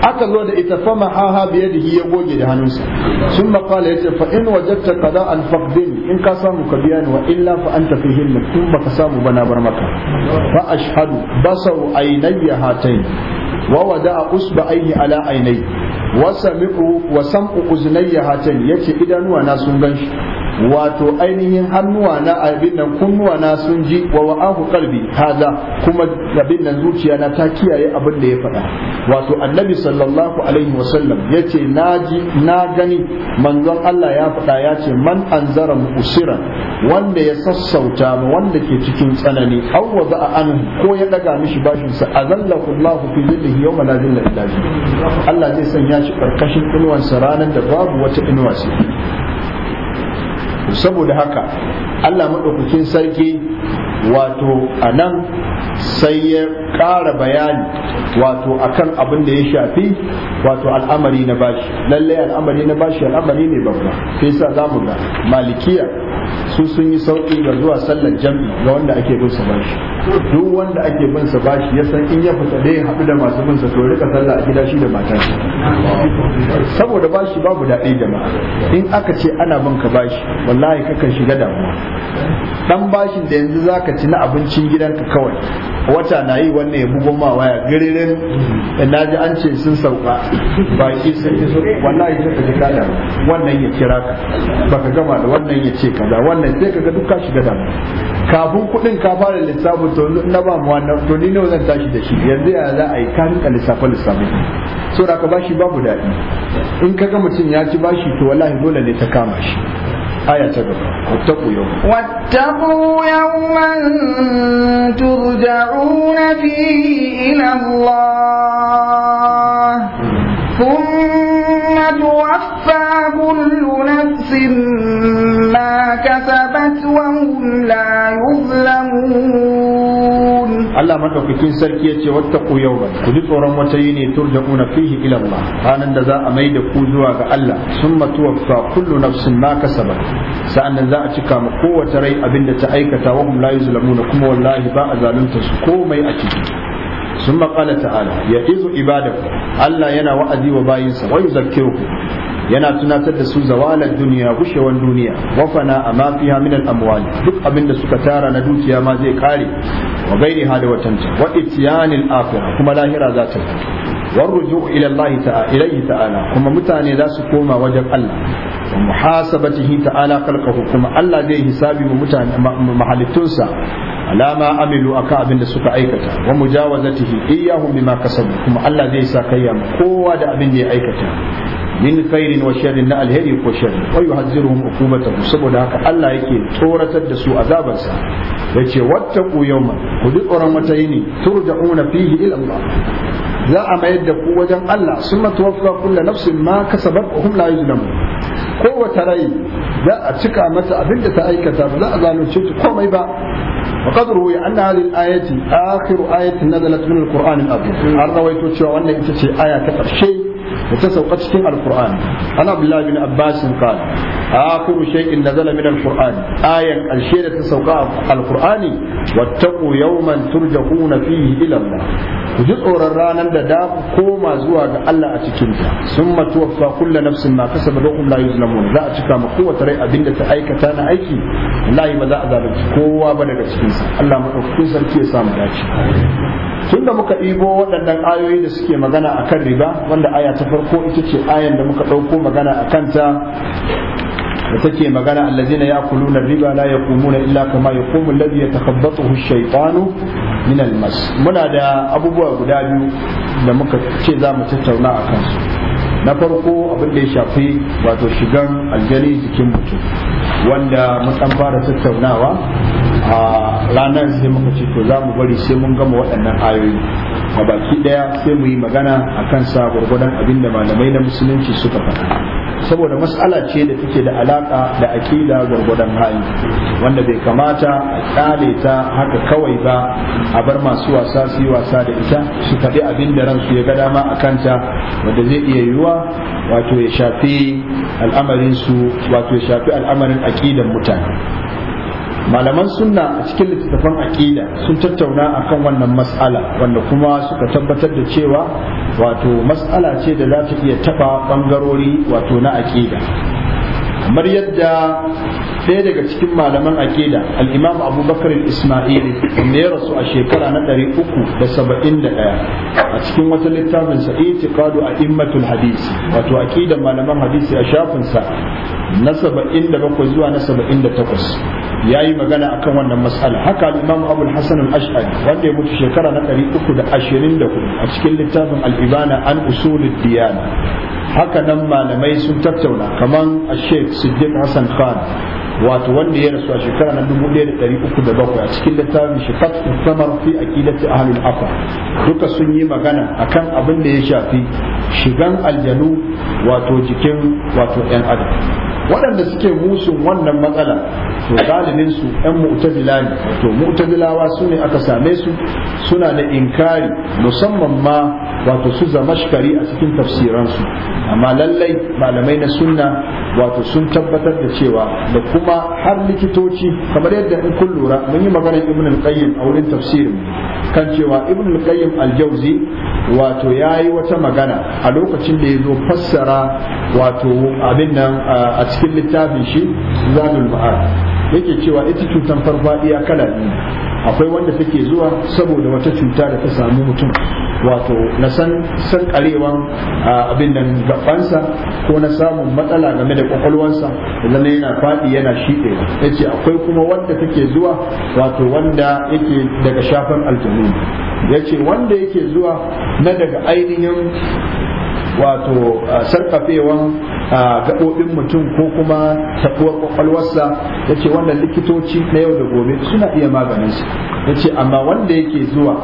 Speaker 1: أكل ود إتفما حاها بيده يقول هانوسا ثم قال يتي فإن وجدت قضاء فقدين إن كسام كبيان وإلا فأنت فيهن ثم كسام بنا برمك فأشهد بصر عيني هاتين wa a usba'aini ala a wa sami'u wa sam'u uznayya hatan yace idanuwa na sun ganshi wato ainihin hannuwa na abin nan kunnuwa na sun ji wa wa'ahu qalbi hada kuma abin nan zuciya na ta kiyaye abin da ya faɗa wato annabi sallallahu alaihi wasallam yace naji na gani manzon Allah ya faɗa ya ce man anzara usira wanda ya sassauta ma wanda ke cikin tsanani aw a an ko ya daga mishi bashin sa azallahu Allah fi dhillihi yawma la zilla illa Allah zai sanya shi karkashin inuwansa ranar da babu wata inuwa sai saboda haka Allah maɗaukakin sarki wato a nan sai ya ƙara bayani wato akan abin da ya shafi wato al'amari na bashi lallai al'amari na bashi al'amari ne babba sai sa za mu ga malikiya su sun yi sauƙi ga zuwa sallar jam'i ga wanda ake bin su bashi duk wanda ake bin su bashi ya san in ya fita dai haɗu da masu bin sa to rika sallah a gida shi da matar saboda bashi babu daɗi jama'a in aka ce ana bin ka bashi wallahi kakan shiga damuwa dan bashin da yanzu zaka ci na abincin gidanka kawai wata na yi wannan ya bugun ma waya giririn mm-hmm. na ji an ce sun sauka ki sun iso wallahi sai ka ji kada wannan ya kira ka baka gama da wannan ya ce kaza wannan sai ga duk ka shiga da kafin kuɗin ka fara lissafin to na ba mu wannan to ni ne zan tashi da shi yanzu ya za a yi ka rinka lissafin. lissafa so da ka bashi babu daɗi in ka ga mutum ya ci bashi to wallahi dole ne ta kama shi آية تقرأ واتقوا يوما
Speaker 2: واتقوا يوما ترجعون ترجعون به إلى الله ثم توفى كل نفس ما كسبت وهم لا يظلمون
Speaker 1: Allah madaukakin sarki yace wattaqu yawman ku ji tsoron wata yini kuna fihi ila Allah da za a mai da ku zuwa ga Allah summa fa kullu nafsin ma sa'an sa'annan za a cika mu kowace rai abinda ta aikata wa hum la yuzlamuna kuma wallahi ba a zalunta su komai a ciki sun maƙala ta'ala ya izu ibadaku Allah yana wa'azi wa bayinsa wa yuzakkiruku yana tunatar da su zawalar duniya gushewan duniya wafana a mafiya min al'amwali duk abin da suka tara na dukiya ma zai kare wa gairi hada watanta wa itiyanil akhirah kuma lahira za ta war ruju' ila Allah ta'ala ilayhi ta'ala kuma mutane za su koma wajen Allah wa muhasabatihi ta'ala khalqahu kuma Allah zai hisabi mu mutane mahalittunsa alama amilu aka abin da suka aikata wa mujawazatihi iyyahum bima kasabu kuma Allah zai sa kai kayya kowa da abin da ya aikata min khairin wa sharrin na alheri ko sharri wa yuhazziruhum uqubatahu saboda haka Allah yake tsoratar da su azabarsa yace ce yawman ku duk tsoron wata yini turja'una fihi ila Allah za a mayar da ku wajen Allah summa tuwaffa kullu nafsin ma kasabat wa hum la yuzlamun kowace rai za a cika mata abinda ta aikata ba za a zalunce ta komai ba وقد ana أن هذه akiru آخر آية نزلت من القرآن الأبيض. أنا رويت cewa wannan ita ce aya ta ƙarshe da ta sauka cikin alqur'ani an abdullah bin abbas qal akhiru shay'in nazala min alqur'ani ayan karshe da ta sauka alqur'ani wattaqu yawman turja'una fihi ila allah ku ji tsoron ranar da da koma zuwa ga Allah a cikin ta summa tuwaffa kullu nafsin ma kasabat wa hum la yuzlamun za a cika ma kowace rai abinda ta aikata na aiki wallahi ba za a zalunci kowa ba daga cikin sa Allah madaukakin sarki ya samu dace tunda muka ibo waɗannan ayoyin da suke magana akan riba wanda aya ta farko Ko ita ce ayan da muka ɗauko magana a kanta da take magana allazina ya'kuluna riba la yaqumuna illa kama yaqumu alladhi yatakhabbathu ash-shaytanu min al-mas muna da abubuwa guda biyu da muka ce za mu tattauna a kansu na farko abin da ya shafi wato shigan aljani jikin mutum wanda mun fara tattaunawa a ranar sai muka ce to za mu bari sai mun gama waɗannan ayoyi a baki ɗaya sai mu yi magana a kan sa gwargwadon abin da malamai na musulunci suka faɗa saboda matsala ce da take da alaƙa da aƙida gwargwadon hali wanda bai kamata a ƙale ta haka kawai ba a bar masu wasa su yi wasa da ita su faɗi abin da ransu ya ga dama a kanta wanda zai iya yiwuwa wato ya shafi al'amarin su wato ya shafi al'amarin aƙidan mutane malaman sunna a cikin littattafan aƙida sun tattauna akan wannan mas'ala wanda kuma suka tabbatar da cewa wato mas'ala ce da za ta iya taɓa bangarori wato na aƙida kamar yadda ɗaya daga cikin malaman aƙida al-imam abubakar ismaili wanda ya rasu a shekara na ɗari uku da saba'in da ɗaya a cikin wata littafin sa itiqadu a immatul hadisi wato aƙidan malaman hadisi a shafinsa na saba'in da bakwai zuwa na saba'in da takwas ya yi magana akan wannan matsala haka al-imam abul hasan al wanda ya mutu shekara na ɗari uku da ashirin da hudu a cikin littafin al an usulul diyana haka nan malamai sun tattauna kamar a sheikh siddiq hassan khan wato wanda ya rasu a shekara na 1307 a cikin littafin shi fatu samar fi a ahlul afa duka sun yi magana akan abin da ya shafi shigan aljanu wato jikin wato yan adam waɗanda suke musun wannan matsala to galibin su ɗan mu'tazila ne to mu'tazilawa su ne aka same su suna da inkari musamman ma wato su zama shikari a cikin tafsiransu amma lallai malamai na sunna wato sun tabbatar da cewa da kuma har likitoci kamar yadda in kun lura mun yi magana ibn al-qayyim a wurin tafsirin kan cewa ibn al-qayyim al-jawzi wato yayi wata magana a lokacin da ya zo fassara wato abin nan a cikin littafin shi zanul ma'ad yake cewa ita cutan farfadiya kala ne. akwai wanda take zuwa saboda wata cuta da ta samu mutum wato na san san karewan abin nan gabansa ko na samun matsala game da kwakwalwansa zama yana faɗi yana shiɗe yace akwai kuma wanda take zuwa wato wanda yake daga shafan aljanu yace wanda yake zuwa na daga ainihin wato sarkafewan gaɓoɓin mutum ko kuma taɓuwar kwakwalwarsa ya ce wannan likitoci na yau da gobe suna iya maganin su ya ce amma wanda yake zuwa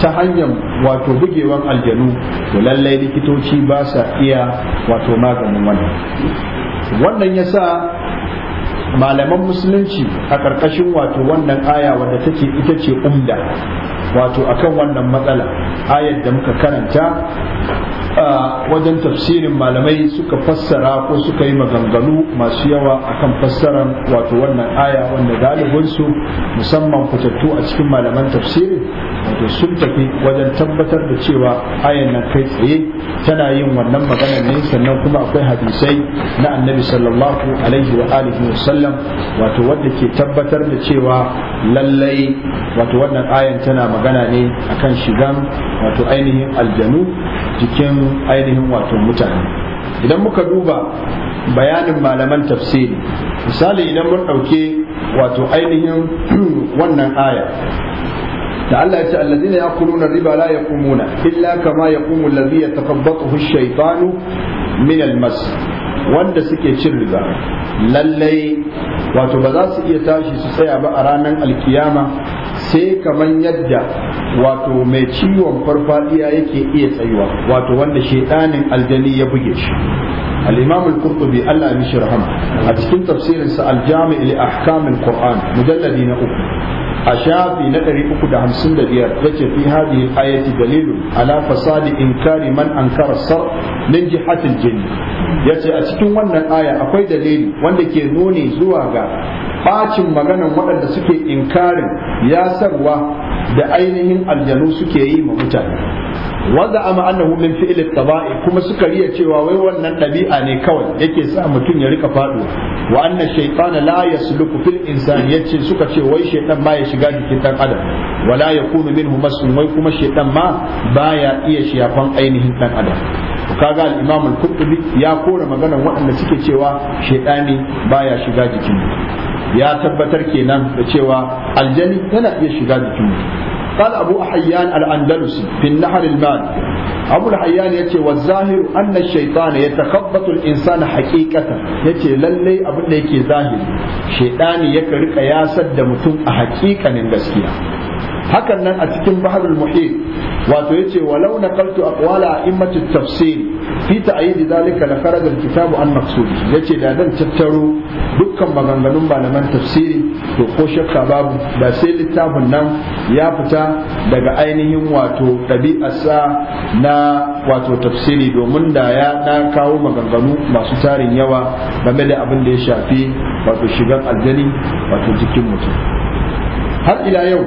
Speaker 1: ta hanyar wato bugewan aljanu to lallai likitoci ba sa iya wato maganin wannan wannan ya sa malaman musulunci a ƙarƙashin wato wannan aya wadda take ita ce umda wato akan wannan matsala ayar da muka karanta wajen tafsirin malamai suka fassara ko suka yi maganganu masu yawa akan fassaran wato wannan aya wanda galibinsu musamman fitattu a cikin malaman tafsirin wato sun tafi wajen tabbatar da cewa ayan nan kai tsaye tana yin wannan maganar ne sannan kuma akwai hadisai na annabi sallallahu alaihi wa alihi wa sallam wato wanda ke tabbatar da cewa lallai wato wannan ayan tana magana ne akan shigan wato ainihin aljanu jikin ainihin wato mutane idan muka duba bayanin malaman tafsiri misali idan mun ɗauke wato ainihin wannan aya يسأل الذين ياكلون الربا لا يقومون الا كما يقوم الذي يتخبطه الشيطان من المسجد wanda suke cin riba lallai wato ba za su iya tashi su tsaya ba a ranar alkiyama sai kaman yadda wato mai ciwon farfadiya yake iya tsayuwa wato wanda shaidanin aljani ya buge shi الإمام القرطبي الله يمشي رحمه أتكلم تفسير الجامع لأحكام القرآن مجلدين أخرى أشافي نقري أكد همسن دبير في هذه الآية دليل على فساد إنكار من أنكر الصر من جهة الجن ya ce a cikin wannan aya akwai dalili wanda ke nuni zuwa ga bacin maganan waɗanda suke inkarin yasarwa da ainihin aljanu suke yi ma mutane wanda ama annahu min fi'l tabai kuma suka riya cewa wai wannan ɗabi'a ne kawai yake sa mutum ya rika faɗo wa anna shaytana la yasluku fil insani yace suka ce wai shaytan ba ya shiga jikin dan adam wala yakunu minhu masun wai kuma shaytan ma baya iya shafan ainihin dan adam kaga al-imam al-qurtubi ya kora maganar waɗanda suke cewa shedani baya shiga jikin ya tabbatar kenan da cewa aljani yana iya shiga jikin قال أبو حيان الأندلسي في النحر المال أبو الحيان يتي والظاهر أن الشيطان يتخبط الإنسان حقيقة يتي للي أبو ليكي ظاهر شيطان يكرق ياسد متم حقيقة من hakan nan a cikin baharul muhit wato yace walau naqaltu aqwala a'immatu tafsir fi ta'yid zalika la kharaja al-kitabu an maqsud yace da dan tattaro dukkan maganganun malaman tafsiri to ko shakka babu da sai littafin nan ya fita daga ainihin wato sa na wato tafsiri domin da ya na kawo maganganu masu tarin yawa game da abin da ya shafi wato shigan aljani wato jikin mutum har ila yau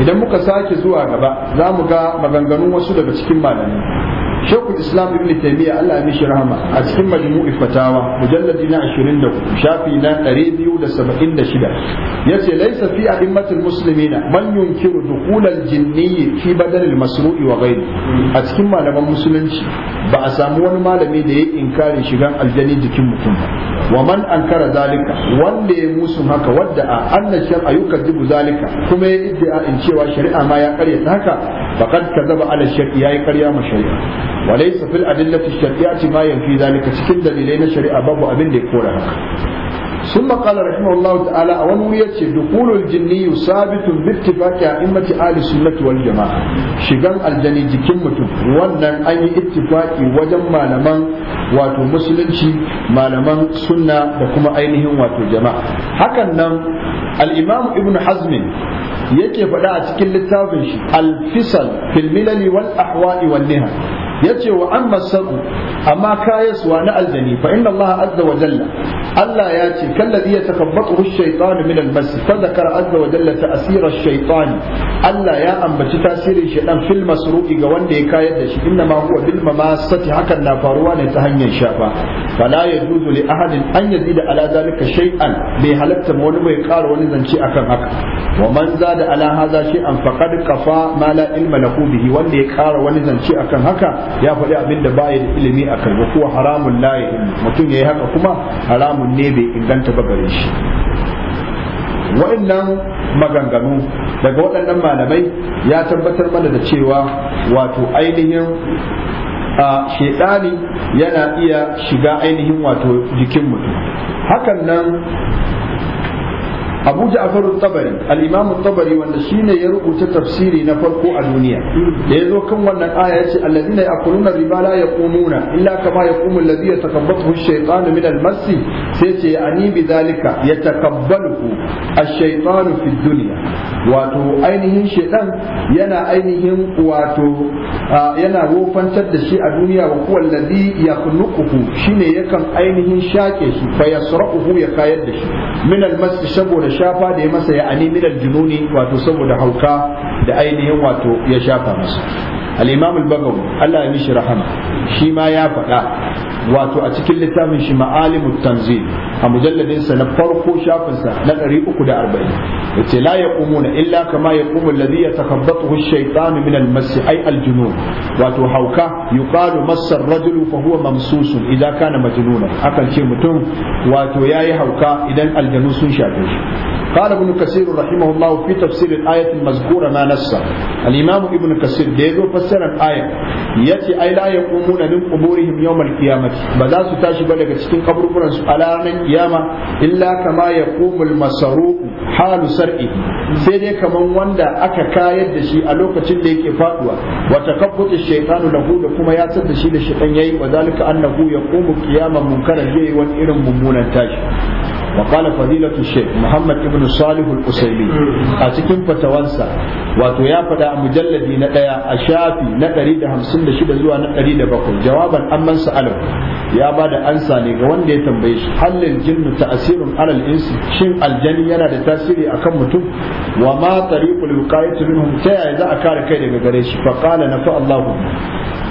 Speaker 1: idan muka sake zuwa gaba za mu ga maganganun wasu daga cikin malamai shekul islam ibn taymiya Allah ya mishi rahama a cikin majmu'i fatawa mujalladi na 24 shafi na 276 yace laysa fi a'immatil muslimina man yunkiru dukhul al-jinni fi badan al-masru'i wa ghayri a cikin malaman musulunci ba a samu wani malami da ya yi inkarin shigan aljani jikin mutum ba wa man ankara zalika wanda ya musu haka wadda a anna ayyukan yukadzibu zalika kuma ya iddia in cewa shari'a ma ya karyata haka faqad kadaba ala shari'a yayi ƙarya ma shari'a wa laysa fil adillati shari'ati ma yanfi zalika cikin dalilai na shari'a babu abin da ya kora haka ثم قال رحمه الله تعالى أول ويتي دخول الجني ثابت باتفاق أئمة آل السنة والجماعة شغل الجني جكم وانا أي اتفاق وجم ما لمن واتو مسلمشي ما لمن سنة لكم أينهم واتو جماعة هكذا الإمام ابن حزم yake faɗa a cikin littafin shi alfisal fisal fil milali wal ahwa'i wal yace wa amma sabu amma kayaswa na aljani fa inna Allah azza wa jalla Allah ya ce kalladhi yatakabbathu ash-shaytan min al-mas fa dhakara azza wa jalla ta'sir ash-shaytan Allah ya ambaci tasirin shaytan fil masruqi ga wanda ya kayar da shi inna ma huwa bil mamassati hakan na faruwa ne ta hanyar shafa fala yajuzu li ahadin an yazida ala zalika shay'an bai halatta wani bai ƙara wani zance akan haka wa man zada ala hadha shay'an faqad kafa ma la ilma lahu bihi wanda ya ƙara wani zance akan haka ya faɗi abin da baya da ilimi a kan kuwa haramun layi ya mutum ya yi haka kuma haramun ne bai inganta ba gare shi wa'annan maganganu daga waɗannan malamai ya tabbatar mana da cewa wato ainihin a shaidani yana iya shiga ainihin wato jikin mutum hakan nan abu ja'far tabari al-imam tabari wanda shine ya rubuta tafsiri na farko a duniya da yazo kan wannan aya yace alladhina yaquluna riba la yaqumuna illa kama yaqumu alladhi yatakabbathu ash-shaytanu min al-mass sai ce ani bi zalika yatakabbalu ash-shaytanu fi dunya wato ainihin shaytan yana ainihin wato yana wofantar da shi a duniya wa ya alladhi yakhluquhu shine yakan ainihin shake shi fa yasra'uhu ya kayar da shi min al-mass saboda shafa da ya masa ya ani jununi wato saboda hauka da ainihin wato ya shafa masa al-imam al-bagawi Allah ya mishi rahama shi ma ya faɗa wato a cikin littafin shi ma'alimu tanzil a mujalladinsa na farko shafin sa na 340 yace la yaqumuna illa kama ya alladhi yatakhabbathu ash-shaytanu min al-mass ay al wato hauka yuqalu massa ar-rajulu fa huwa mamsusun ka na majinuna. akan ce mutum wato yi hauka idan aljanu sun shafe shi قال ابن كثير رحمه الله في تفسير الآية المذكورة ما نص الإمام ابن كثير ديزو فسر الآية يأتي أي لا يقومون من قبورهم يوم القيامة ba za su tashi ba daga cikin kaburburan su a ranar kiyama illa kama ya kumul masaru halu sar'i sai dai kaman wanda aka kayar da shi a lokacin da yake faduwa wa takabbutu shaytanu lahu da kuma ya da shi da shaytan yayi wa zalika annahu yaqumu qiyaman munkaran yayi wani irin mummunan tashi وقال فضيلة الشيخ محمد ابن صالح القسيلي أتكن فتوانسا وتويا فدا مجلد نتايا أشافي نتريد همسن شدة زوا نتريد بقل جوابا أمن سأله يا بعد أنسى نيغوان دي تنبيش هل الجن تأثير على الإنس شن الجن ينا تأثير أكم متو وما طريق الوقاية منهم تايا إذا أكار كيدا غريش فقال نفع الله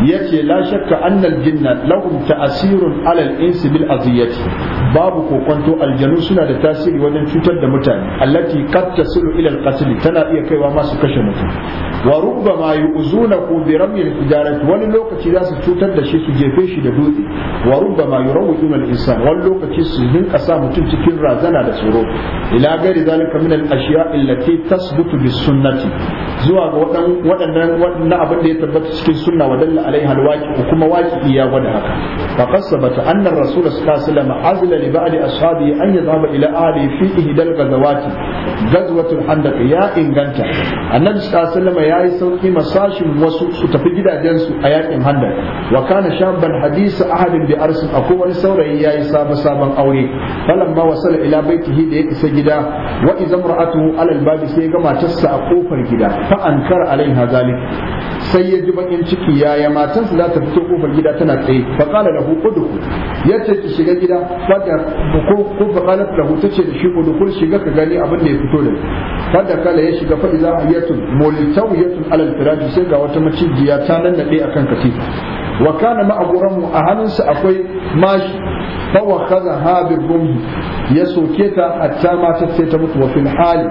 Speaker 1: يتي لا شك أن الجن لهم تأثير على الإنس بالأذية باب كوكونتو الجن aljanu suna da tasiri wajen cutar da mutane allati qad tasilu ila alqasl tana iya kaiwa masu kashe mutum wa rubbama yu'zunahu bi ramyil hijarati wani lokaci za su cutar da shi su jefe shi da dutse wa rubbama yurawwidu al-insan wani lokaci su dinka sa mutum cikin razana da tsoro ila gari zalika min al-ashiya allati tasbutu bis sunnati zuwa ga waɗannan waɗannan abin da ya tabbata cikin sunna wa dalla alaiha alwaqi kuma waqi ya gwada haka fa qasabata anna rasul sallallahu alaihi wasallam azla li ba'di ashabi an dhahaba ila ali fi ihdal ghazawati ghazwatul handaq ya inganta annabi sallallahu ya yi yayi sauki masashin wasu su tafi gidajensu a yakin handaq wa kana shabban hadisa da bi a ko wani saurayi yayi sabon sabon aure falamma wasala ila baitihi da ya isa gida wa idza alal babi albabi sai ga matarsa a kofar gida fa ankara alaiha zalik sai ya ji bakin ciki yaya matarsa za ta fito kofar gida tana tsaye fa qala lahu udkhul yace ki shiga gida fa ko fa qalat lahu tace da shi dukul shiga ka gani abin da ya fito da kada kala ya shiga fa idza hayatun multawiyatun alal firashi sai ga wata macijiya ta nan da akan katifa wa kana ma'aguran a hannunsa akwai mashi fawa kaza habir gumhi ya soke ta hatta mata sai ta mutu wa fil hali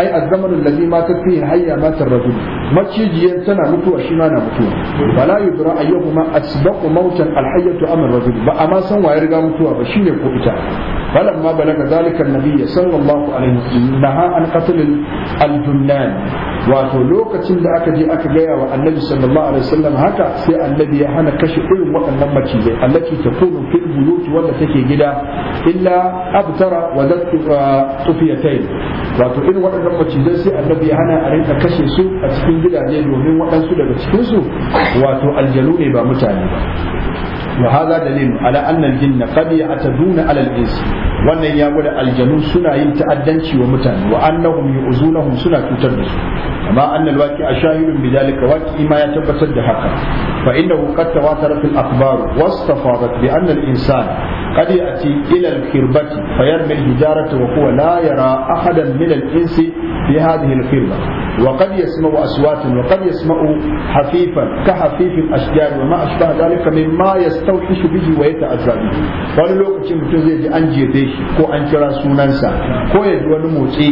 Speaker 1: ai azzamanin lazi mata fi hayya matar rajul macijiyar tana mutuwa shi ma na mutuwa wala yudra ayyuhuma asbaqu mautan alhayyatu am rajul ba ma san waye riga mutuwa ba shine ko ita فلما بلغ ذلك النبي صلى الله عليه وسلم نهى عن قتل الجنان wato lokacin da aka je aka gaya wa annabi sallallahu alaihi wasallam haka sai annabi ya hana kashe irin waɗannan macizai allati takun mawdu'un fil buyut wanda take gida illa abtara wa tufiyatayn wato irin waɗannan macizai sai annabi ya hana a rinka kashe su a cikin gidaje domin waɗansu daga cikinsu wato aljanu ne ba mutane ba وهذا دليل على أن الجن قد يعتدون على الإنس wannan ya gwada aljanu suna yin ta'addanci wa mutane wa annahum yu'zunahum suna cutar da su amma annal waqi ashahidun bidalika waqi ima ya tabbatar da haka fa innahu qad tawatarat al akhbar wastafadat bi anna al insan qad yati ila al khirbati fa yarmi al hijarata wa huwa la yara ahadan min al insi fi hadhihi al khirba wa qad yasma'u aswatan wa qad hafifan ka hafifin ashjar wa ma ashbaha dalika mimma yastawhishu bihi wa yata'azzabu wani lokacin mutum zai ji an jefe shi ko an kira sunansa ko ya ji wani motsi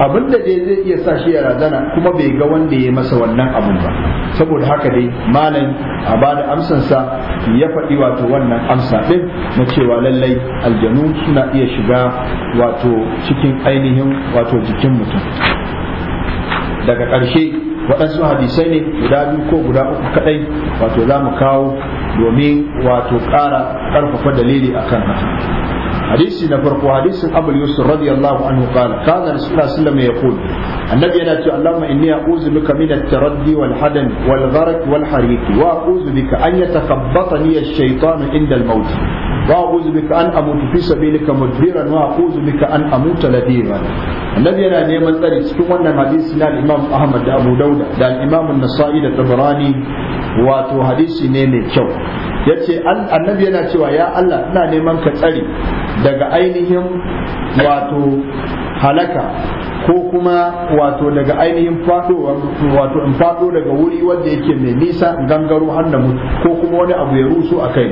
Speaker 1: abin da dai zai iya sa shi ya razana kuma bai ga wanda ya masa wannan abun ba saboda haka dai malam a ba da amsansa ya faɗi wato wannan amsa ɗin na cewa lallai aljanu suna iya shiga wato cikin ainihin wato jikin mutum daga ƙarshe waɗansu hadisai ne guda biyu ko guda uku kaɗai wato za mu kawo domin wato ƙara ƙarfafa dalili a kan haka hadisi na farko hadisin abul yusuf radiyallahu anhu qala kana rasulullah sallallahu alaihi wasallam yaqul annabi yana cewa allahumma inni a'udhu bika min at-taraddi wal hadan wal gharq wal hariq wa a'udhu bika an yatakhabbatani ash-shaytanu inda al-maut wa a'udhu bika an amutu fi sabilika mudbiran wa a'udhu bika an amuta annabi yana neman tsari cikin wannan hadisi na al-imam ahmad da abu dauda da al-imam an-nasa'i da tabarani wato hadisi ne mai kyau ya ce annabi yana cewa ya Allah ina neman ka tsare daga ainihin wato halaka ko kuma wato daga ainihin fado wato in fado daga wuri wanda yake mai nisa gangaro har da mutu ko kuma wani abu ya rusu a kai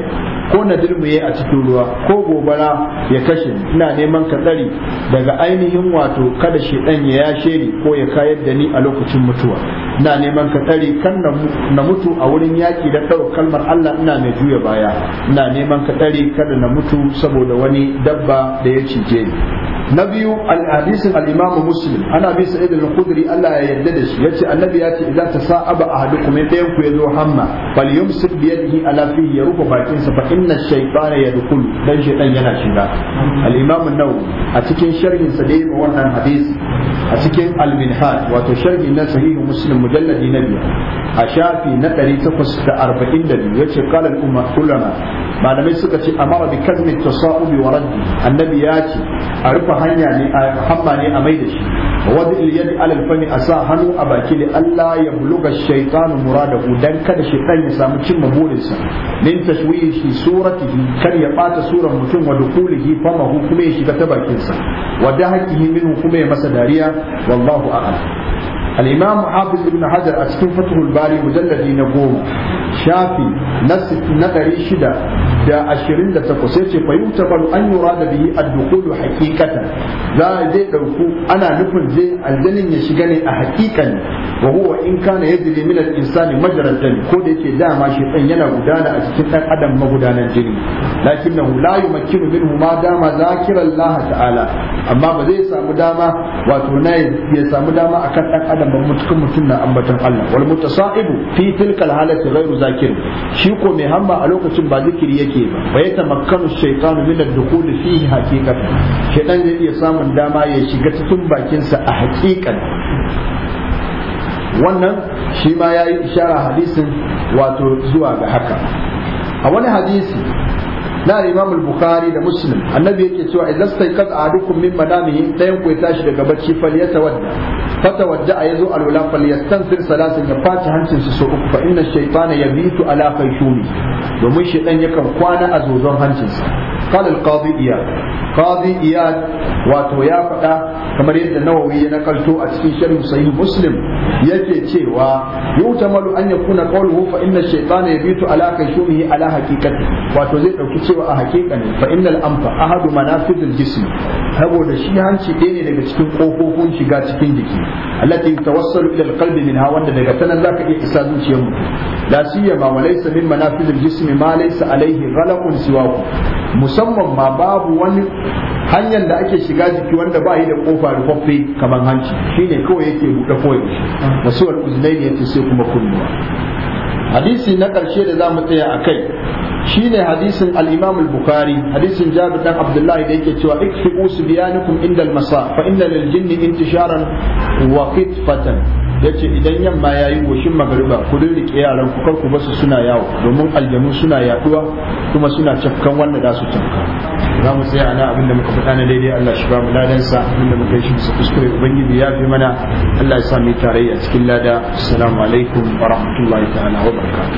Speaker 1: ko na dirmiye a cikin ruwa ko gobara ya kashe ina neman ka tsare daga ainihin wato kada shedan ya yashe ni ko ya kayar da ni a lokacin mutuwa na neman ka tsare kan na mutu a wurin yaƙi da ɗaukar kalmar Allah ina mai juya baya na neman ka kada na mutu saboda wani dabba da ya cije na biyu hadisin al'imamin imam muslim ana bi sa'id al-khudri Allah ya yadda da shi yace annabi ya ce idan tasa'aba ahadukum in dayan ku yazo hamma falyumsik bi yadihi ala fihi ya rufe bakin sa fa inna ash-shaytana yadkhulu dan shaytan yana shiga al-imam an-nawawi a cikin sharhin sa dai wannan hadisi a cikin al-minhaj wato sharhi na sahih muslim mujalladi na biyu a shafi na 842 yace qala al-umma kullana malamai suka ce amara bi kazmi tasa'ubi wa raddi annabi ya ce a rufe hanya ne a hamma ne a mai da shi wadda iliyadi alal fami a sa hannu a baki da Allah ya buluga shaitanu muradahu dan kada shaitan ya samu cimma burinsa min tashwihi shi suratihi kar ya bata suran mutum wa dukulihi famahu kuma ya shiga ta bakinsa wa dahakihi min kuma ya masa dariya wallahu a'lam al-imam hafiz ibn hajar a cikin fathul bari mujalladi na goma shafi na ɗari shida da ashirin da takwas ya ce fa yutabalu an da bihi ad-dukhulu haqiqatan za zai dauku ana nufin zai aljanin ya shiga ne a hakikan wa in kana ya jire al-insani majra dami ko da yake dama shi dan yana gudana a cikin dan adam magudanar jini lakinnahu la yumakkinu minhu ma dama zakira Allah ta'ala amma ba zai samu dama wato na ya samu dama akan ɗan adam ba mutum mutum na ambatan Allah wal mutasa'ibu fi tilka halati ghairu zakir shi ko mai hamma a lokacin ba zikiri yake ba wa yatamakkanu shaytanu min ad-dukhul fihi haqiqatan shaytan zai iya samun dama ya shiga cikin bakin sa a haqiqan wannan shi ma yayi ishara hadisin wato zuwa ga haka a wani hadisi na Imam Bukhari da Muslim annabi yake cewa idan sai kad adukum min manamihi dayan ku ya tashi daga bacci falyatawadda fatawadda yazo alwala falyastansir salasin ya faci hancin su so uku fa inna shaytana yabitu ala fayshuni domin shaytan yakan kwana a zozon hancinsa قال القاضي إياد قاضي إياد واتو يا فتا كما ريد النووي نقلتو أسفي شرم صحيح مسلم يتي تيوا يؤتمل أن يكون قوله فإن الشيطان يبيت على كيشومه على حقيقته واتو زي أو كتيوا أحقيقا فإن الأنف أحد منافذ الجسم هو الشيء هانشي ديني لك تكون قوفوفون شيغا تكين ديكي التي يتوصل إلى القلب منها وانا لك تنن ذاك إحساس لا سيما وليس من منافذ الجسم ما ليس عليه غلق سواه musamman ma babu wani hanyar da ake shiga jiki wanda ba yi da kofa rufaffe kamar hanci Shi ne kawai yake buɗe da suwar uzunai ne yace sai kuma kunnuwa hadisi na ƙarshe da za mu tsaya a kai shi ne hadisin Al'imamul imam bukhari hadisin Jabir dan Abdullahi da yake cewa ikfi'u subyanakum inda al-masa fa inna lil-jinni intisharan wa qitfatan ya ce idan yamma ya yi goshin magariba ku rike yaran ku kar basu suna yawo domin aljanu suna yaduwa kuma suna cafkan wanda za su cafka za mu tsaya ana abinda muka faɗa na daidai Allah shi ba mu ladan sa abinda muka yi shi su kuskure ubangiji ya fi mana Allah ya sa mu tarayya cikin lada assalamu alaikum wa rahmatullahi ta'ala wa barakatuh